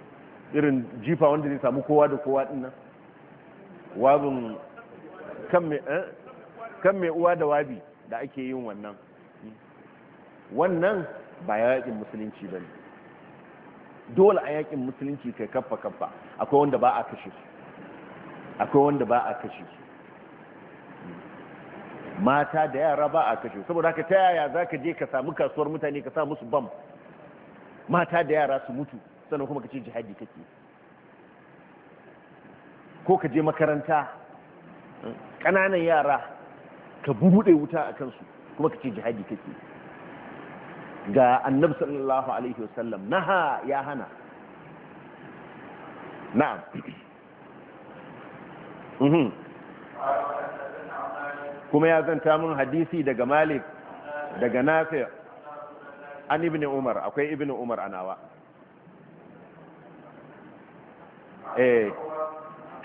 irin jifa wanda zai samu kowa da kowa din nan wabin kan mai eh? uwa da wabi da ake yin wannan wannan ba yaƙin musulunci ba ne dole a yaƙin musulunci kai kaffa kaffa akwai wanda ba a kashe akwai wanda ba a kashe su mata da yara ba a kashe saboda haka ta yaya za ka je ka samu kasuwar mutane ka samu su bam mata da yara su mutu sannan kuma ka ce jihadi kake ko ka je makaranta ƙananan yara ka buɗe wuta a kansu kuma ka ce jihadi kake ga annabi sallallahu alaihi wasallam naha ya hana na'am mhm. kuma ya zanta mun hadisi daga malik daga nafi an ibn umar akwai ibn umar a nawa eh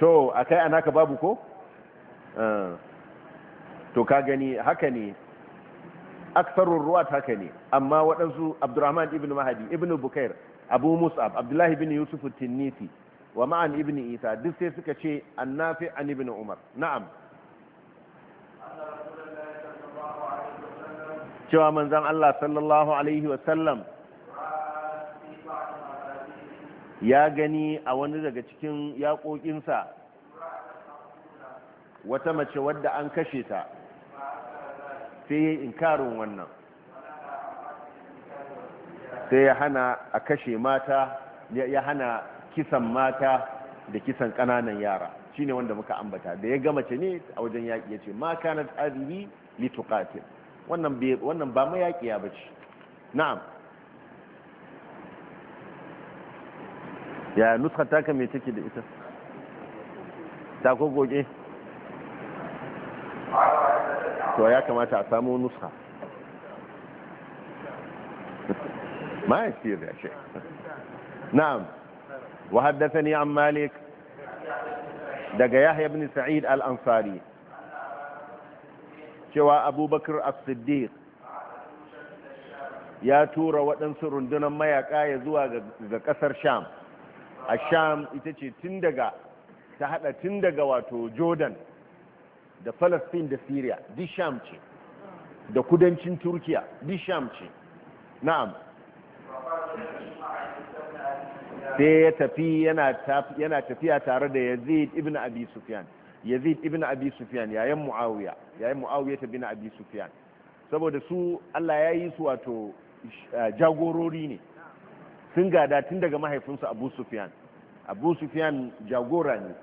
to a kai anaka babu ko? Eh, to ka gani haka ne aksarun ruwat haka ne amma waɗansu abdurrahman ibn mahadi ibn bukair abu musab abdullahi ibn yusuf tinnisi wa ma'an ibn isa duk sai suka ce annafi an ibn umar na'am cewa manzan Allah sallallahu Alaihi wasallam ya gani a wani daga cikin yaƙoƙinsa wata mace wadda an kashe ta sai ya inkarin wannan sai ya hana a kashe mata ya hana kisan mata da kisan ƙananan yara shi ne wanda muka ambata da ya gama ce ne a wajen yaƙi ya ce ma kanar tsari li wannan ba mayaƙiya ba ce na'am ya nuskanta ka mai take da ita ta kogoge to ya kamata a samu nuska ya يصير يا شيخ نعم وحدثني عن مالك دق يحيى Sa'id Al ansari. cewa abubakar as ya tura waɗansu rundunar mayaka ya zuwa ga ƙasar sham a sham ita ce tun daga ta haɗa tun daga wato jordan da palestine da syria duk sham ce da kudancin turkiya duk sham ce na'am sai ya tafi yana tafiya tare da yazid ibn abi sufyan yazid ibn abi sufyan yayin muawiya yayin muawiya ta bin abi sufyan saboda su Allah ya yi su wato eh, jagorori ne sun gada tun daga mahaifinsu abu sufyan abu sufyan jagora ne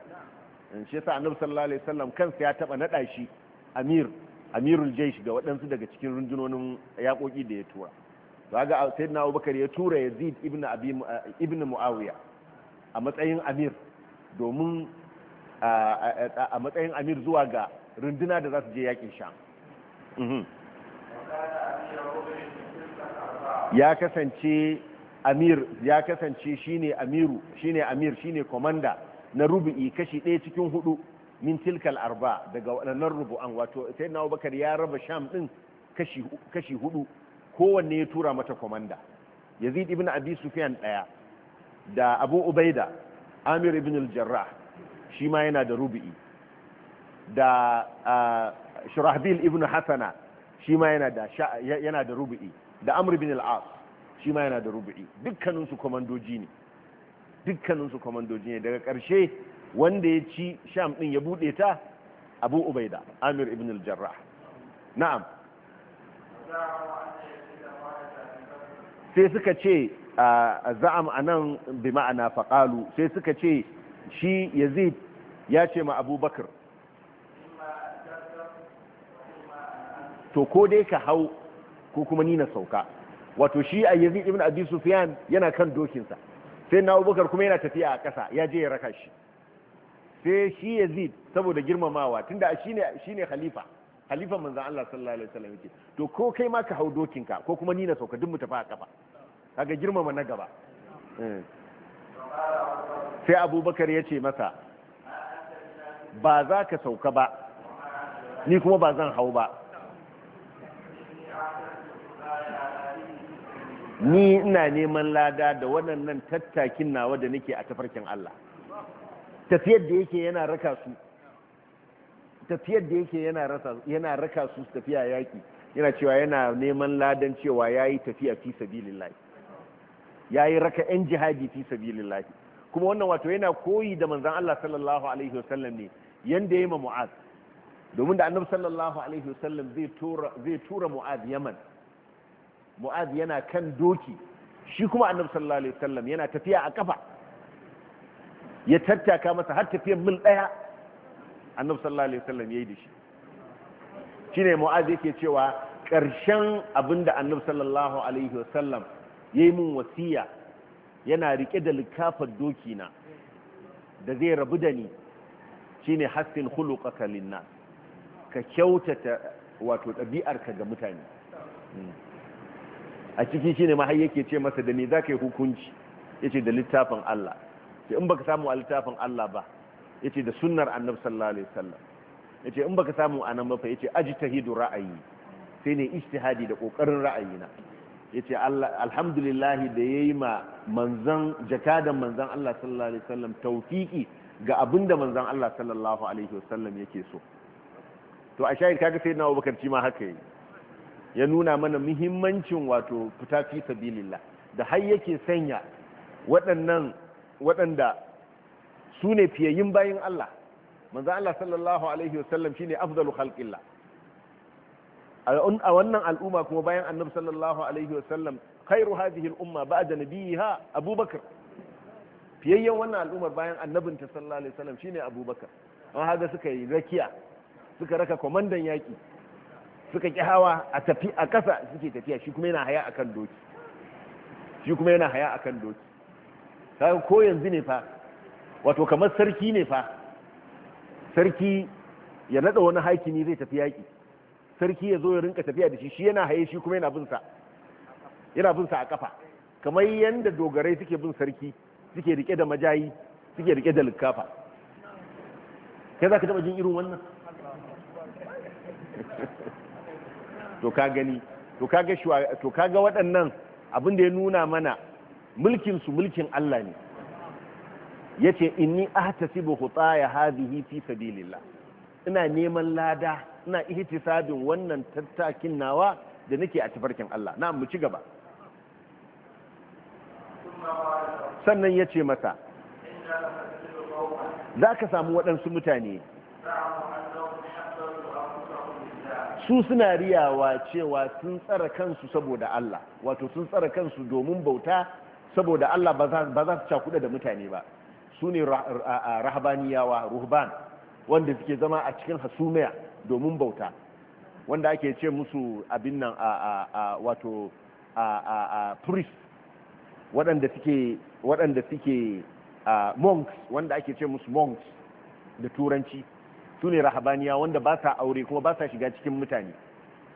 eh, shi yasa annabi sallallahu alaihi wasallam kansa ya taba nada shi amir amirul jaish ga waɗansu daga cikin rundunonin yaƙoƙi da ya tura kaga sayyidina abubakar ya tura yazid ibn abi eh, ibn muawiya a matsayin amir domin a matsayin amir zuwa ga runduna da za su je yakin sha mhm. ya kasance amir ya kasance shine amiru shine amir shine komanda na rubu'i kashi ɗaya cikin hudu min tilkal arba daga waɗannan rubu'an wato sai na bakar ya raba sham ɗin kashi hudu kowanne ya tura mata komanda yazid ibn abi sufyan ɗaya da abu ubaida amir ibn al-jarrah shi ma yana da rubi'i da shurahbil ibn hasana shi ma yana da rubi'i da rubu'i bin al shi ma yana da rubi'i dukkaninsu komandoji ne dukkaninsu komandoji ne daga karshe wanda ya ci sham din ya bude ta abu ubaida amir ibn al-jarrah na'am sai suka ce a za'am anan bi ma'ana faƙalu sai suka ce shi yazid ya ce ma abubakar to ko dai ka hau ko kuma ni na sauka wato shi a yanzu ibn abi sufyan yana kan dokinsa sai na abubakar kuma yana tafiya a ƙasa ya je ya raka shi sai shi yazid saboda girmamawa tunda shine ne khalifa halifan manzan Allah sallallahu alaihi wasallam yake to ko kai ma ka hau dokinka ko kuma ni na sauka duk mu tafi a kafa kaga girmama na gaba eh. sai abubakar ya ce masa ba za ka sauka ba ni kuma ba zan hau ba ni ina neman lada da waɗannan tattakin nawa da nake a tafarkin Allah tafiyar da yake yana raka su tafiyar da yake yana raka su tafiya yaƙi yana cewa yana neman ladan cewa ya yi tafiya fi sabilillahi ya yi raka 'yan jihadi fi sabilillahi kuma wannan wato yana koyi da manzan Allah sallallahu alaihi wasallam ne yanda yi ma mu'az domin da annabi sallallahu alaihi wasallam zai tura zai tura mu'az yaman mu'az yana kan doki shi kuma annabi sallallahu alaihi wasallam yana tafiya a kafa ya tattaka masa har tafiyar mil daya annabi sallallahu alaihi wasallam yi da shi shine mu'az yake cewa ƙarshen abin da annabi sallallahu alaihi wasallam yi min wasiya yana rike da likafar dokina da zai rabu da ni shine hassin khuluqaka linnas ka kyautata wato ɗabi'arka ga mutane hmm. a ciki shine ma har yake ce masa da me zaka yi hukunci yace da littafin Allah sai in baka samu a littafin Allah ba yace da sunnar annabi sallallahu alaihi wasallam yace in baka samu anan ba fa yace ajtahidu ra'ayi sai ne ijtihadi da kokarin ra'ayina yace Allah alhamdulillah da yayi ma manzan jakadan manzan Allah sallallahu alaihi wasallam tawfiki ga abin da manzan Allah sallallahu alaihi wasallam yake so to a shahid kaga sai na Abubakar ma haka yi ya nuna mana muhimmancin wato fita fi sabilillah da har yake sanya waɗannan waɗanda su ne fiyayyin bayin Allah manzan Allah sallallahu alaihi wasallam shine afdalu khalqillah a wannan al'umma kuma bayan annabi sallallahu alaihi wasallam khairu hadhihi al'umma ba'da nabiyiha abubakar fiyayyen wannan al'ummar bayan ta sallallahu alaihi wasallam shine abubakar an haga suka yi rakiya suka raka kwamandan yaƙi suka ki hawa a tafi a ƙasa suke tafiya shi kuma yana haya a kan doki shi kuma yana haya akan doki kaga ko yanzu ne fa wato kamar sarki ne fa sarki ya naɗa wani hakimi zai tafi yaƙi sarki ya zo ya rinka tafiya da shi shi yana haye shi kuma yana bin sa yana bin sa a kafa kamar yanda dogarai suke bin sarki suke rike da majayi suke rike da likafa kai za ka taba jin irin wannan to ka gani to ka ga waɗannan abin da ya nuna mana mulkin su mulkin Allah ne yace inni ahtasibu khutaya hadhihi fi sabilillah ina neman lada ina ihtisabin wannan tattakin nawa da nake a tafarkin Allah na mu ci gaba sannan ya ce masa za ka samu waɗansu mutane su suna riyawa cewa sun tsara kansu saboda Allah wato sun tsara kansu domin bauta saboda Allah ba za su cakuɗa da mutane ba su ne rahabaniyawa ruhban wanda suke zama a cikin hasumiya domin bauta wanda ake ce musu abin nan a wato priest waɗanda suke waɗanda suke monks wanda ake ce musu monks da turanci su ne rahabaniya wanda ba sa aure kuma ba sa shiga cikin mutane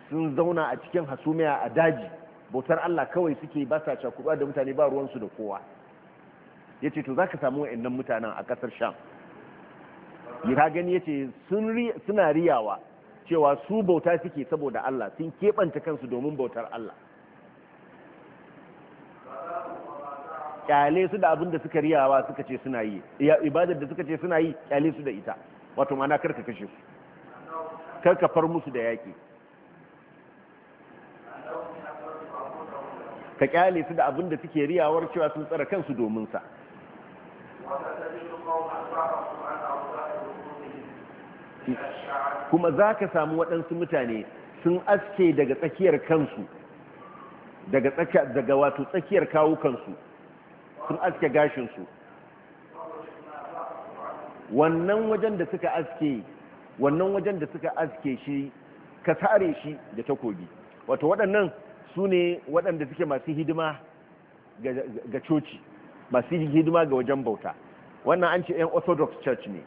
sun zauna a cikin hasumiya a daji bautar Allah kawai suke ba sa cakuba da mutane ba ruwansu da kowa ya ce to za ka samu wa'annan mutanen a ƙasar sham ya gani ya ce suna riyawa cewa su bauta suke saboda Allah sun keɓanta kansu domin bautar Allah kyale su da abin da suka riyawa suka ce suna yi ibadar da suka ce suna yi kyale su da ita wato mana karka kashe su karka far musu da yaƙi ka kyale su da abin da suke riyawar cewa sun tsara kansu domin sa kuma za ka samu waɗansu mutane sun aske daga tsakiyar kansu daga wato tsakiyar kawo kansu sun aske gashinsu wannan wajen da suka aske wannan wajen da suka aske shi ka sare shi da takobi wato waɗannan su ne waɗanda suke masu hidima ga coci masu hidima ga wajen bauta wannan an ce 'yan orthodox church ne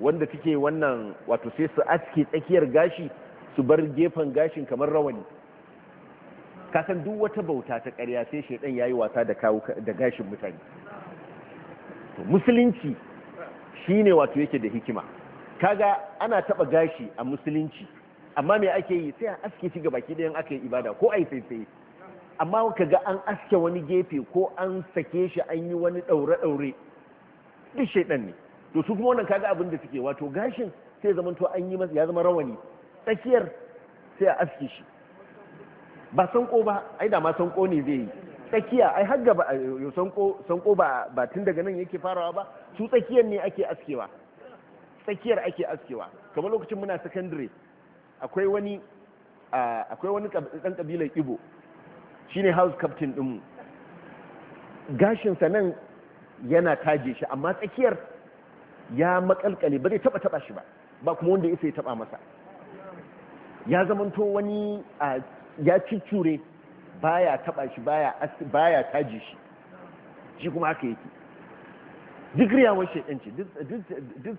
wanda suke wannan wato sai su aske tsakiyar gashi su bar gefen gashin kamar rawani ka duk wata bauta ta ƙarya sai shaidan yayi wasa da kawo da gashin mutane Musulunci shi ne wato yake da hikima kaga ana taba gashi a musulunci amma mai ake yi sai a aske shi baki ɗayan aka yi ibada ko yi sai amma kaga an aske wani gefe ko an sake shi an yi wani ɗaure-ɗaure duk shaidan ne to su kuma wannan kaga abin da suke wato gashin sai zaman to an yi ya zama rawani tsakiyar sai a aske shi ba sanko ba ai da ma sanko ne zai yi tsakiya ai har gaba sanko sanko ba ba tun daga nan yake farawa ba su tsakiyar ne ake askewa tsakiyar ake askewa kamar lokacin muna secondary akwai wani akwai wani dan kabilar Ibo shine house captain ɗin gashin sa nan yana taje shi amma tsakiyar ya makalkale ba zai taba taba shi ba ba kuma wanda ya taba masa ya zamanto wani ya ba baya taba shi baya taji shi shi kuma haka yake duk riyawar shaidanci duk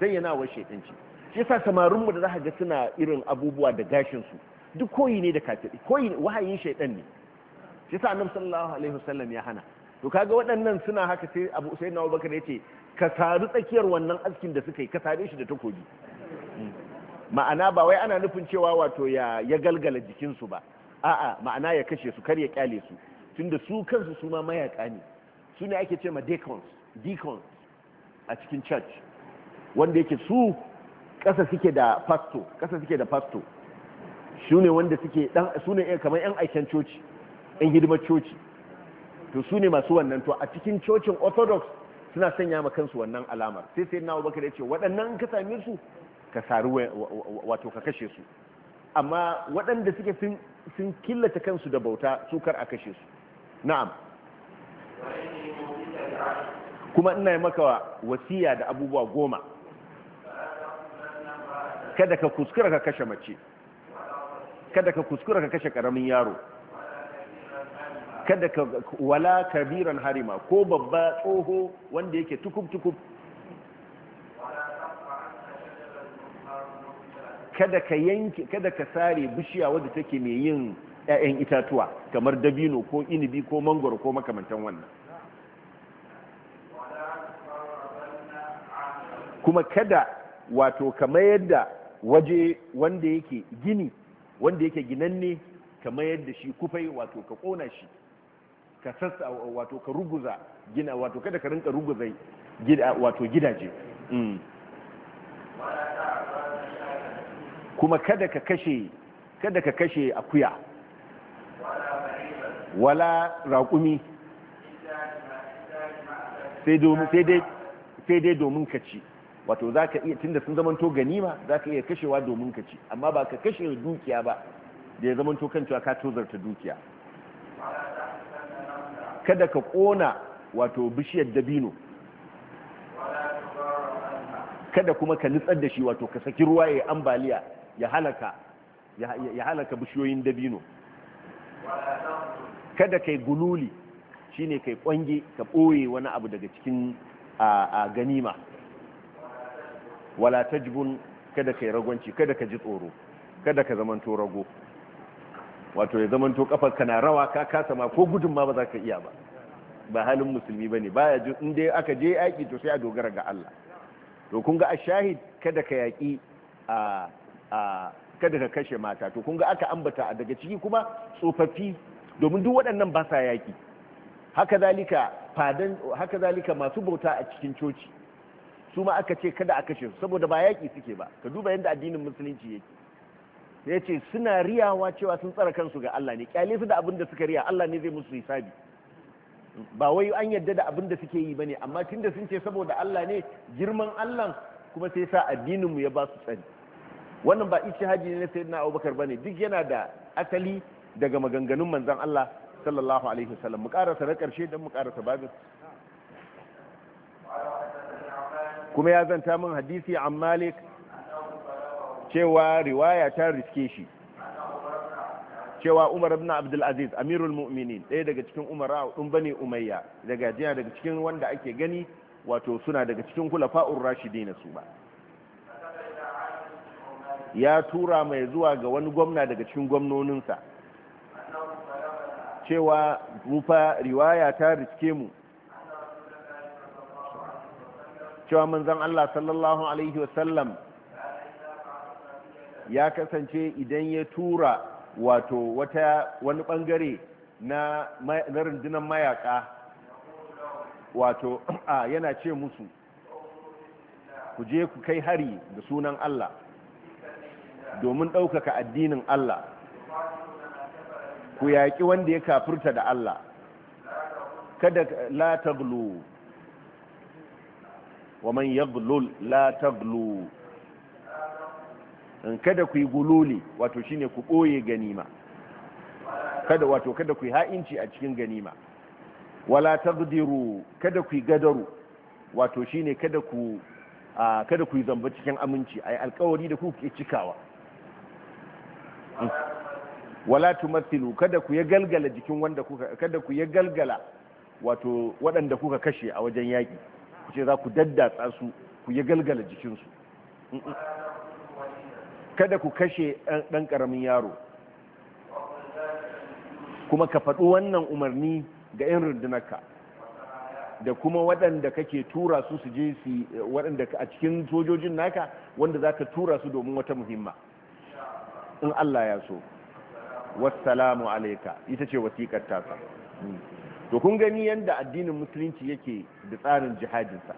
zayyanawar shaidanci shi yasa samarinmu da za ga suna irin abubuwa da gashinsu duk koyi ne da kafiri koyi wahayin shaidan ne shi yasa annabi sallallahu alaihi wasallam ya hana to kaga waɗannan suna haka sai abu sai na abubakar ya ce ka sari tsakiyar wannan askin da suka yi ka sare shi da takobi ma'ana ba wai ana nufin cewa wato ya ya galgala jikinsu ba a'a ma'ana ya kashe su kar ya kyale su tunda su kansu su ma mayaka ne su ne ake ce ma deacons deacons a cikin church wanda yake su kasa suke da pasto kasa suke da pasto su ne wanda suke dan su ne kamar yan aikin coci yan hidimar coci to su ne masu wannan to a cikin cocin orthodox suna sanya ma kansu wannan alamar sai sai na abubakar ya ce waɗannan ka same su ka saru wato ka kashe su amma waɗanda suke sun killata kansu da bauta sukar a kashe su na'am kuma ina yi maka wasiya da abubuwa goma kada ka kuskura ka kashe mace kada ka kuskura ka kashe karamin yaro kada ka wala kabiran harima ko babba tsoho wanda yake tukub tukub kada ka yanke kada ka sare bishiya wadda take mai yin ƴaƴan itatuwa kamar dabino ko inibi ko mangoro ko makamantan wannan kuma kada wato kamar yadda waje wanda yake gini wanda yake ginanne kamar yadda shi kufai wato ka kona shi ka sassa wato ka ruguza gina wato kada ka rinka ruguza gida wato gidaje mm. kuma kada ka kashe kada ka kashe akuya wala raƙumi sai dai domin ka ci wato za ka iya tunda sun zamanto ganima za ka iya kashewa domin ka ci amma ba ka kashe dukiya ba da ya zamanto kan cewa ka tozarta dukiya kada ka ƙona wato bishiyar dabino kada kuma ka nutsar da shi wato ka saki ruwa ya ambaliya ya halaka ya halaka bishiyoyin dabino kada kai gululi shine kai kwange ka ɓoye wani abu daga cikin a ganima wala tajbun kada kai ragwanci kada ka ji tsoro kada ka zamanto rago wato ya zamanto kafar kana rawa ka kasa ma ko gudun ma ba za ka iya ba ba halin musulmi ba ne baya ji inda aka je aiki to sai a dogara ga Allah to kun ga ashahid kada ka yaki a a kada ka kashe mata to kun ga aka ambata a daga ciki kuma tsofaffi domin duk waɗannan ba sa yaƙi haka zalika fadan haka zalika masu bauta a cikin coci su ma aka ce kada a kashe su saboda ba yaƙi suke ba ka duba yadda addinin musulunci yake ya ce suna riyawa cewa sun tsara kansu ga Allah ne kyale su da abin da suka riya Allah ne zai musu hisabi ba wai an yadda da abin da suke yi bane amma tunda sun ce saboda Allah ne girman Allah kuma sai sa addinin mu ya ba su tsari wannan ba hajji ne na abubakar Abubakar ne duk yana da asali daga maganganun manzan Allah sallallahu alaihi wasallam mu karasa na karshe don mu karasa babin kuma ya zanta min hadisi an Malik cewa riwaya ta riske shi cewa Umar ibn Abdul Aziz Amirul Mu'minin ɗaya daga cikin Umara ɗin bane Umayya daga jiya daga cikin wanda ake gani wato suna daga cikin rashidi na su ba ya tura mai zuwa ga wani gwamna daga cikin gwamnoninsa cewa rufa riwaya ta riske mu cewa manzan Allah sallallahu alaihi wasallam ya kasance idan ya tura wato wata wani bangare na rundunar mayaka wato a yana ce musu ku je ku kai hari da sunan Allah domin ɗaukaka addinin Allah ku yaƙi wanda ya kafurta da Allah kada la taglu wa man yaglul la taglu in kada ku yi gululi wato shine ku ɓoye ganima kada wato kada ku yi ha'inci a cikin ganima wala tagdiru kada ku yi gadaru wato shine kada ku kada ku yi zamba cikin aminci ai alkawari da ku ke cikawa wala tumathilu kada ku ya galgala jikin wanda kuka kada ku ya galgala wato waɗanda kuka kashe a wajen yaƙi ku ce za ku daddatsa su ku ya galgala jikinsu kada ku kashe ɗan ƙaramin yaro kuma ka faɗi wannan umarni ga 'yan rundunarka da kuma waɗanda kake tura su su je su waɗanda a cikin sojojin naka wanda za ka tura su domin wata muhimma in Allah ya so wassalamu alaika ita ce wasiƙar tasa to kun gani yanda addinin musulunci yake da tsarin jihadinsa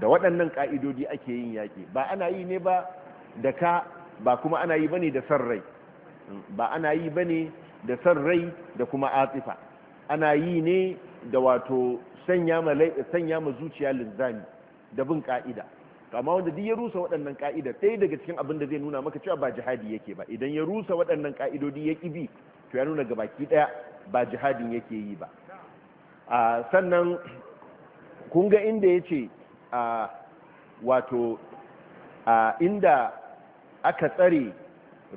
da waɗannan ka'idodi ake yin yaƙi ba ana yi ne ba da ka ba kuma ana yi bane da san rai ba ana yi bane da san rai da kuma atifa ana yi ne da wato sanya ma zuciya linzami da bin ka'ida. to amma wanda duk ya rusa waɗannan ka'ida ɗaya daga cikin abin da zai nuna maka cewa ba jihadi yake ba idan ya rusa waɗannan ka'idodi ya bi to ya nuna baki ɗaya ba jihadin yake yi ba sannan kun ga inda ya ce wato inda aka tsare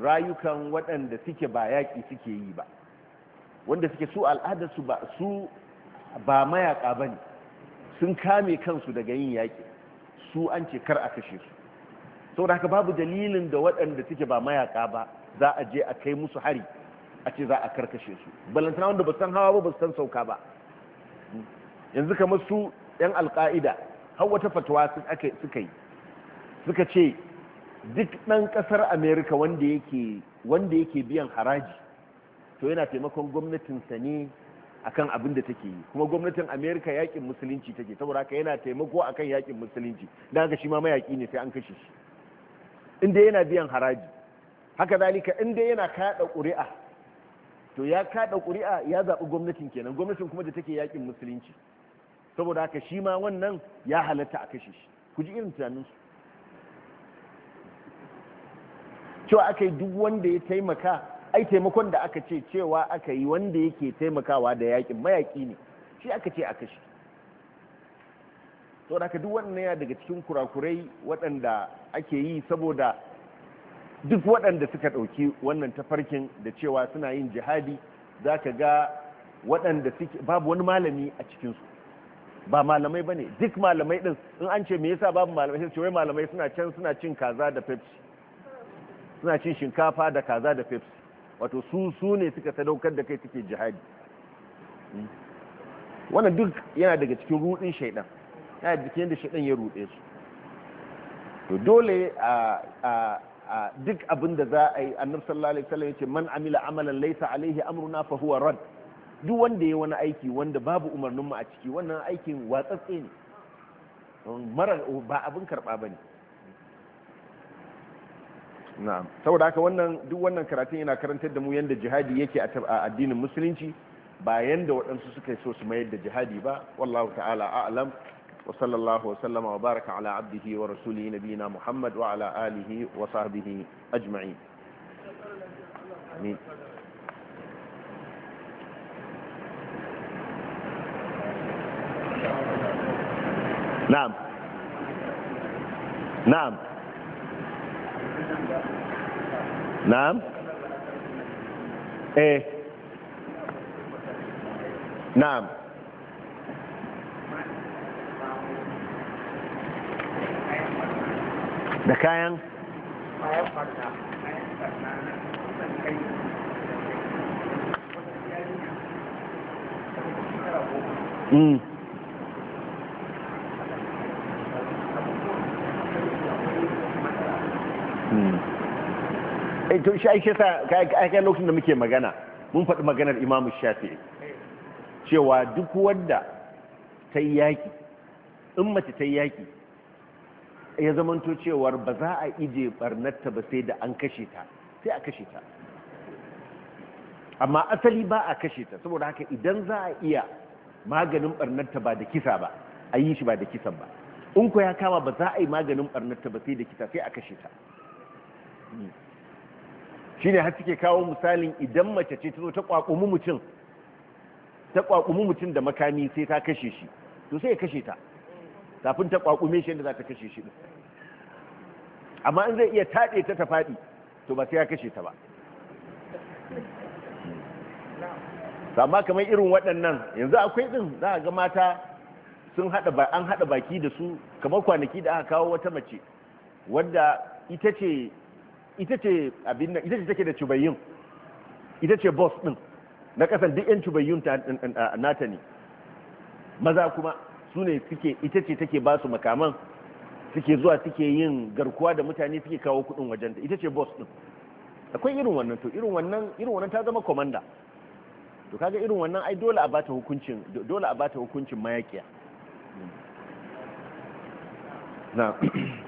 rayukan waɗanda suke ba yaƙi suke yi ba wanda suke su al'adarsu ba su ba mayaƙa ba ne sun kame kansu daga yin yaƙi su an ce kar a kashe su saboda haka babu dalilin da waɗanda suke ba mayaka ba za a je a kai musu hari a ce za a karkashe su balantana wanda ba san hawa ba ba san sauka ba yanzu kamar su yan alka'ida har wata fatawa suka yi suka ce duk ɗan ƙasar amerika wanda yake biyan haraji to yana taimakon gwamnatinsa ne akan abin da take yi kuma gwamnatin america yakin musulunci take saboda haka yana taimako akan yakin musulunci don haka shi ma mayaki ne sai an kashe shi inda yana biyan haraji haka zalika inda yana kada ƙuri'a to ya kada ƙuri'a ya zaɓi gwamnatin kenan gwamnatin kuma da take yakin musulunci saboda haka shi ma wannan ya halatta a kashe shi ku ji irin tunaninsu cewa aka yi duk wanda ya taimaka ai taimakon da aka ce cewa aka yi wanda yake taimakawa da yakin mayaki ne shi aka ce aka shi to da duk wannan yana daga cikin kurakurai waɗanda ake yi saboda duk waɗanda suka ɗauki wannan tafarkin da cewa suna yin jihadi za ka ga waɗanda suke babu wani malami a cikinsu ba malamai ba ne duk malamai ɗin in an ce me yasa babu malamai sai wai malamai suna can suna cin kaza da pepsi suna cin shinkafa da kaza da pepsi wato su su ne suka sadaukar da kai suke jihadi wannan duk yana daga cikin rudin shaidan yana jikin yadda shaidan ya rude su to dole a duk abin da za a yi annabi sallallahu alaihi wasallam yace man amila amalan Laisa alaihi amruna fa huwa rad duk wanda ya wani aiki wanda babu umarnin mu a ciki wannan aikin watsatse ne mara ba abin karba ne. na'am saboda haka wannan duk wannan karatun yana karantar da mu yanda jihadi yake a addinin musulunci ba yanda waɗansu suka so su mayar da jihadi ba wallahu ta'ala a'lam wa sallallahu wa sallama wa baraka ala abdihi wa rasulihi nabiyina muhammad wa ala alihi wa sahbihi ajma'in amin na'am na'am na'am eh na'am da kayan Mm. to shi ake sa kai lokacin da muke magana mun faɗi maganar Imam Shafi'i cewa duk wanda ta yi yaki in mace ta yaki ya zamanto cewa ba za a ije ta ba sai da an kashe ta sai a kashe ta amma asali ba a kashe ta saboda haka idan za a iya maganin ta ba da kisa ba a yi shi ba da kisan ba in ku ya kama ba za a yi maganin ta ba sai da kisa sai a kashe ta hmm. ne har suke kawo misalin idan mace ce ta zo ta kwakumi mutum ta kwakumi mutum da makami sai ta kashe shi to sai ya kashe ta tafin ta kwakume shi yadda za ta kashe shi amma in zai iya taɗe ta tafaɗi faɗi to ba sai ya kashe ta ba amma kamar irin waɗannan yanzu akwai ɗin za a ga mata sun haɗa an haɗa baki da su kamar kwanaki da aka kawo wata mace wadda ita ce ita ce take da cubayyun ita ce boss din na kasan duk yan cubayyun nata ne maza kuma su ne suke ita ce take ba su makaman suke zuwa suke yin garkuwa da mutane suke kawo kudin wajenta ita ce boss din akwai irin wannan to irin wannan irin wannan ta zama komanda to kaga irin wannan ai dole a bata hukuncin dole a bata hukuncin mayakiya na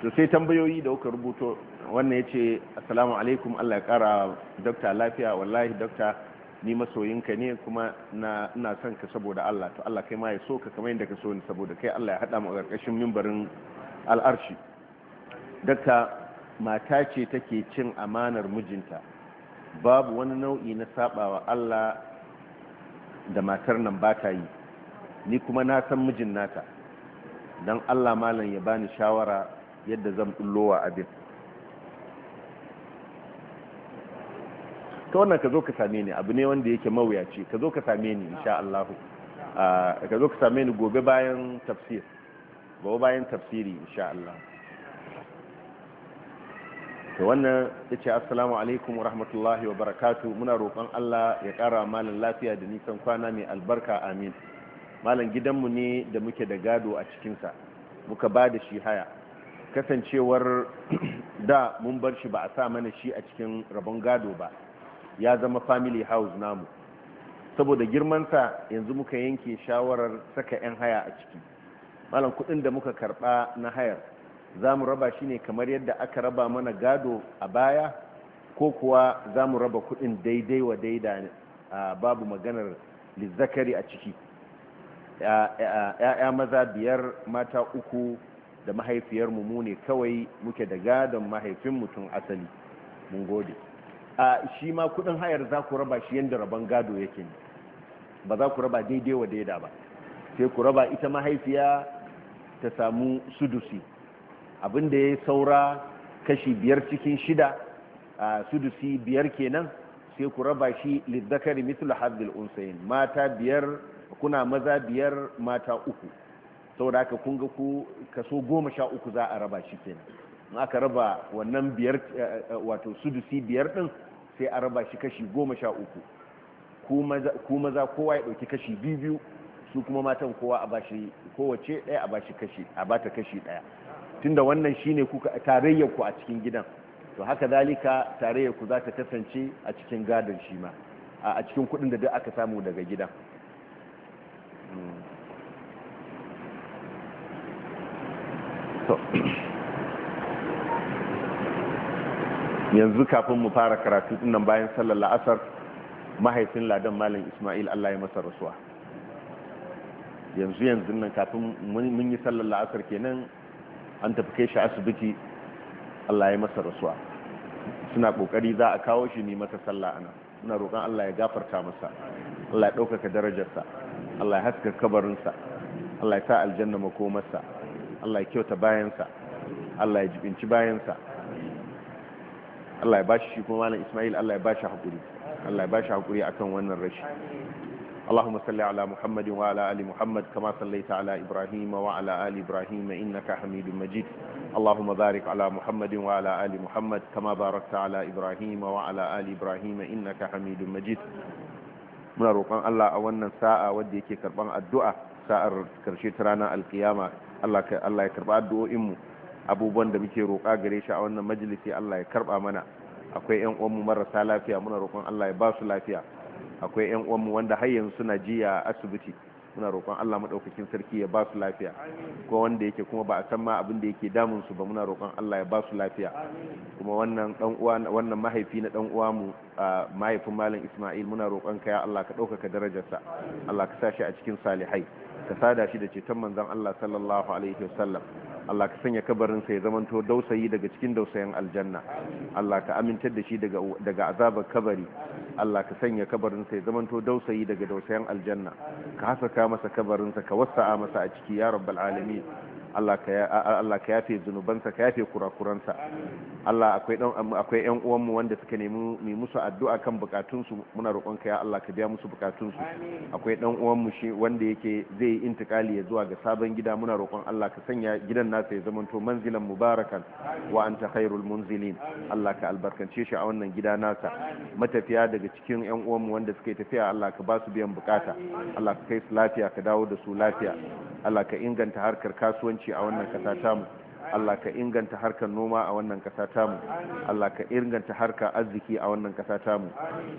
to sai tambayoyi da kuka rubuto wannan ya ce assalamu alaikum allah ya kara dokta lafiya wallahi dokta ni masoyinka ne kuma na ina son ka saboda allah to allah kai ma ya so ka kamar yadda ka so ni saboda kai allah ya haɗa mu a ƙarƙashin mimbarin al'arshi dokta mata ce take cin amanar mijinta babu wani nau'i na sabawa allah da matar nan ba ta yi ni kuma na san mijin nata don allah malam ya bani shawara yadda zan bullowa abin ta wannan ka zo ka same ni abu ne wanda yake mawuyaci ka zo ka same ni insha Allah ah, ka zo ka same ni gobe bayan tafsir gobe bayan tafsiri insha Allah to wannan yace assalamu alaikum wa rahmatullahi wa barakatuh muna roƙon Allah ya ƙara malam lafiya da nisan kwana mai albarka amin malam gidanmu ne da muke da gado a cikinsa muka ba da shi haya kasancewar da mun bar shi ba a sa mana shi a cikin rabon gado ba ya zama family house namu saboda girmansa yanzu muka yanke shawarar saka 'yan haya a ciki malam kudin da muka karba na hayar za mu raba shi ne kamar yadda aka raba mana gado a baya ko kuwa za mu raba kudin daidai wa daida babu maganar lizakari a ciki ya'ya maza biyar mata uku da mahaifiyar mu ne kawai muke da gadon mahaifin mutum asali mun gode shi ma kudin hayar za ku raba shi yadda rabon gado yake ne ba za ku raba daidai wa daida ba sai ku raba ita mahaifiya ta samu sudusi abinda ya saura kashi biyar cikin shida a sudusi biyar kenan sai ku raba shi lizzakari mitul hadil unsayin mata biyar kuna maza biyar mata uku saboda da aka kunga ku kaso goma sha uku za a raba shi kenan aka raba wannan biyar wato sudusi biyar ɗin. sai a raba shi kashi goma sha uku ku maza kowa ya ɗauki kashi biyu su kuma matan kowa a bashi kowace ɗaya a bashi kashi a bata kashi ɗaya tunda wannan shine kuka tarayyar ku a cikin gidan to haka zalika tarayyar ku za ta kasance a cikin gadon shi ma a cikin kuɗin da duk aka samu daga gidan hmm. to yanzu kafin mu fara karatu nan bayan sallar la'asar mahaifin ladan malam ismail allah ya masa rasuwa yanzu yanzu nan kafin mun yi sallar la'asar kenan an tafi kai shi asibiti allah ya masa rasuwa suna kokari za a kawo shi ne mata sallah ana suna roƙon allah ya gafarta masa allah ya ɗaukaka darajarsa allah ya haska kabarinsa allah ya sa aljanna makomarsa allah ya kyauta bayansa allah ya jibinci bayansa Allah ya bashi shi kuma malam Ismail Allah ya bashi hakuri Allah ya bashi hakuri akan wannan rashi اللهم صل على محمد وعلى ال محمد كما صليت على ابراهيم وعلى ال ابراهيم انك حميد مجيد اللهم بارك على محمد وعلى ال محمد كما باركت على ابراهيم وعلى ال ابراهيم انك حميد مجيد من roƙon Allah a wannan sa'a wanda yake karban addu'a sa'a karshe ta ranar alkiyama Allah ya karba addu'o'in mu abubuwan da muke roƙa gare shi a wannan majalisi Allah ya karba mana akwai ƴan uwanmu marasa lafiya muna roƙon Allah ya ba su lafiya akwai ƴan uwanmu wanda har yanzu suna jiya a asibiti muna roƙon Allah maɗaukakin sarki ya ba su lafiya ko wanda yake kuma ba a san ma abin da yake damun su ba muna roƙon Allah ya ba su lafiya kuma wannan dan uwa wannan mahaifi na dan uwa mu mahaifin malam Isma'il muna roƙon ka ya Allah ka ɗaukaka darajarsa Allah ka sa shi a cikin salihai ka sada shi da ceton manzon Allah sallallahu alaihi wasallam Allah ka sanya kabarinsa ya zamanto dausayi daga cikin dausayin aljanna Allah ka amintar da shi daga daga azabar kabari Allah ka sanya kabarinsa ya zamanto dausayi daga dausayin aljanna ka hasaka masa kabarinsa ka wasa'a masa a ciki ya rabbal alamin Allah ka yafe zunubansa ka yafe kurakuransa Allah akwai akwai uwanmu wanda suka nemi musu addu'a kan bukatunsu muna roƙonka ya Allah ka biya musu bukatunsu akwai ɗan uwanmu shi wanda yake zai yi intikali ya zuwa ga sabon gida muna roƙon Allah ka sanya gidan nasa ya to manzilan mubarakan wa anta khairul munzilin Allah ka albarkance shi a wannan gida nasa matafiya daga cikin 'yan uwanmu wanda suka yi tafiya Allah ka ba su biyan bukata Allah ka kai su lafiya ka dawo da su lafiya Allah ka inganta harkar kasuwanci kasuwanci a wannan ƙasa tamu Allah ka inganta harkar noma a wannan ƙasa tamu Allah ka inganta harka arziki a wannan ƙasa tamu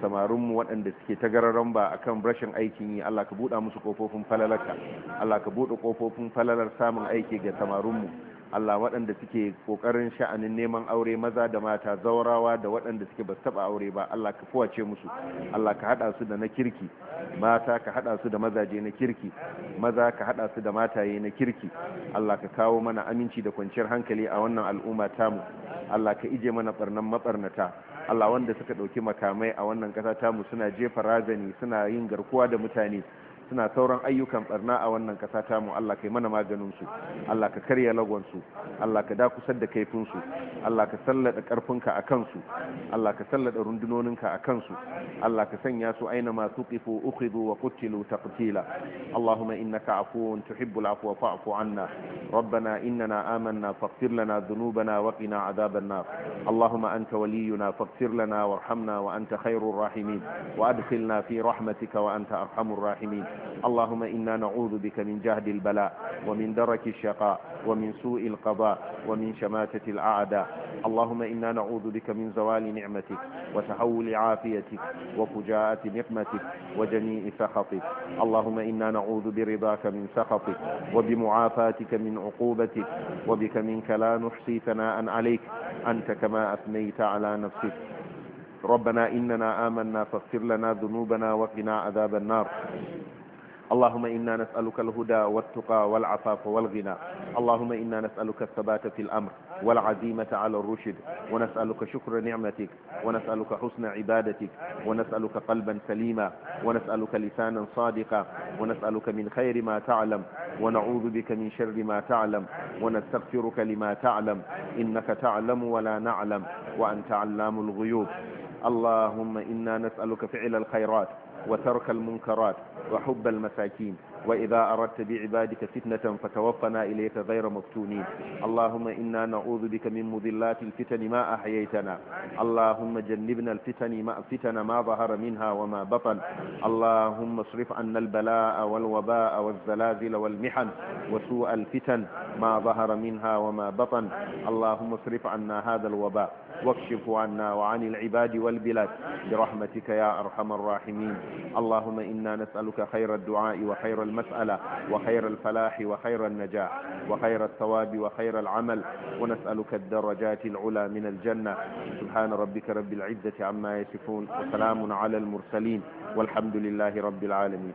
samarinmu waɗanda suke ta gararan ba akan rashin aikin yi Allah ka buɗa musu kofofin falalarka Allah ka buɗe kofofin falalar samun aiki ga mu Allah waɗanda suke ƙoƙarin sha'anin neman aure maza da mata zaurawa da waɗanda suke ba taɓa aure ba Allah ka fuwace musu Allah ka haɗa su da na kirki mata ka haɗa su da mazaje na kirki maza ka haɗa su da mataye na kirki Allah ka kawo mana aminci da kwanciyar hankali a wannan al'umma tamu Allah ka ije mana barnan mabarnata Allah wanda suka ɗauki makamai a wannan ƙasa tamu suna jefa razani suna yin garkuwa da mutane suna sauran ayyukan barna a wannan kasa ta mu Allah kai mana maganin su Allah ka karya lagon su Allah ka dakusar da kaifin su Allah ka sallada karfinka a kansu Allah ka sallada rundunoninka a kansu Allah ka sanya su aina ma tuqifu ukhidu wa qutilu taqtila Allahumma innaka afuwun tuhibbul afwa fa'fu anna ربنا إننا آمنا فاغفر لنا ذنوبنا وقنا عذاب النار اللهم أنت ولينا فاغفر لنا وارحمنا وأنت خير الراحمين وأدخلنا في رحمتك وأنت أرحم الراحمين اللهم إنا نعوذ بك من جهد البلاء ومن درك الشقاء ومن سوء القضاء ومن شماتة الأعداء اللهم إنا نعوذ بك من زوال نعمتك وتحول عافيتك وفجاءة نقمتك وجميع سخطك اللهم إنا نعوذ برضاك من سخطك وبمعافاتك من عقوبتك وبك منك لا نحصي ثناء عليك أنت كما أثنيت على نفسك ربنا إننا آمنا فاغفر لنا ذنوبنا وقنا عذاب النار اللهم إنا نسألك الهدى والتقى والعفاف والغنى اللهم إنا نسألك الثبات في الأمر والعزيمة على الرشد ونسألك شكر نعمتك ونسألك حسن عبادتك ونسألك قلبا سليما ونسألك لسانا صادقا ونسألك من خير ما تعلم ونعوذ بك من شر ما تعلم ونستغفرك لما تعلم إنك تعلم ولا نعلم وأنت علام الغيوب اللهم إنا نسألك فعل الخيرات وترك المنكرات وحب المساكين وإذا أردت بعبادك فتنة فتوفنا إليك غير مفتونين اللهم إنا نعوذ بك من مضلات الفتن ما أحييتنا اللهم جنبنا الفتن ما, فتن ما ظهر منها وما بطن اللهم اصرف عنا البلاء والوباء والزلازل والمحن وسوء الفتن ما ظهر منها وما بطن اللهم اصرف عنا هذا الوباء واكشف عنا وعن العباد والبلاد برحمتك يا أرحم الراحمين اللهم إنا نسألك خير الدعاء وخير المسألة وخير الفلاح وخير النجاح وخير الثواب وخير العمل ونسألك الدرجات العلى من الجنة سبحان ربك رب العزة عما يصفون وسلام على المرسلين والحمد لله رب العالمين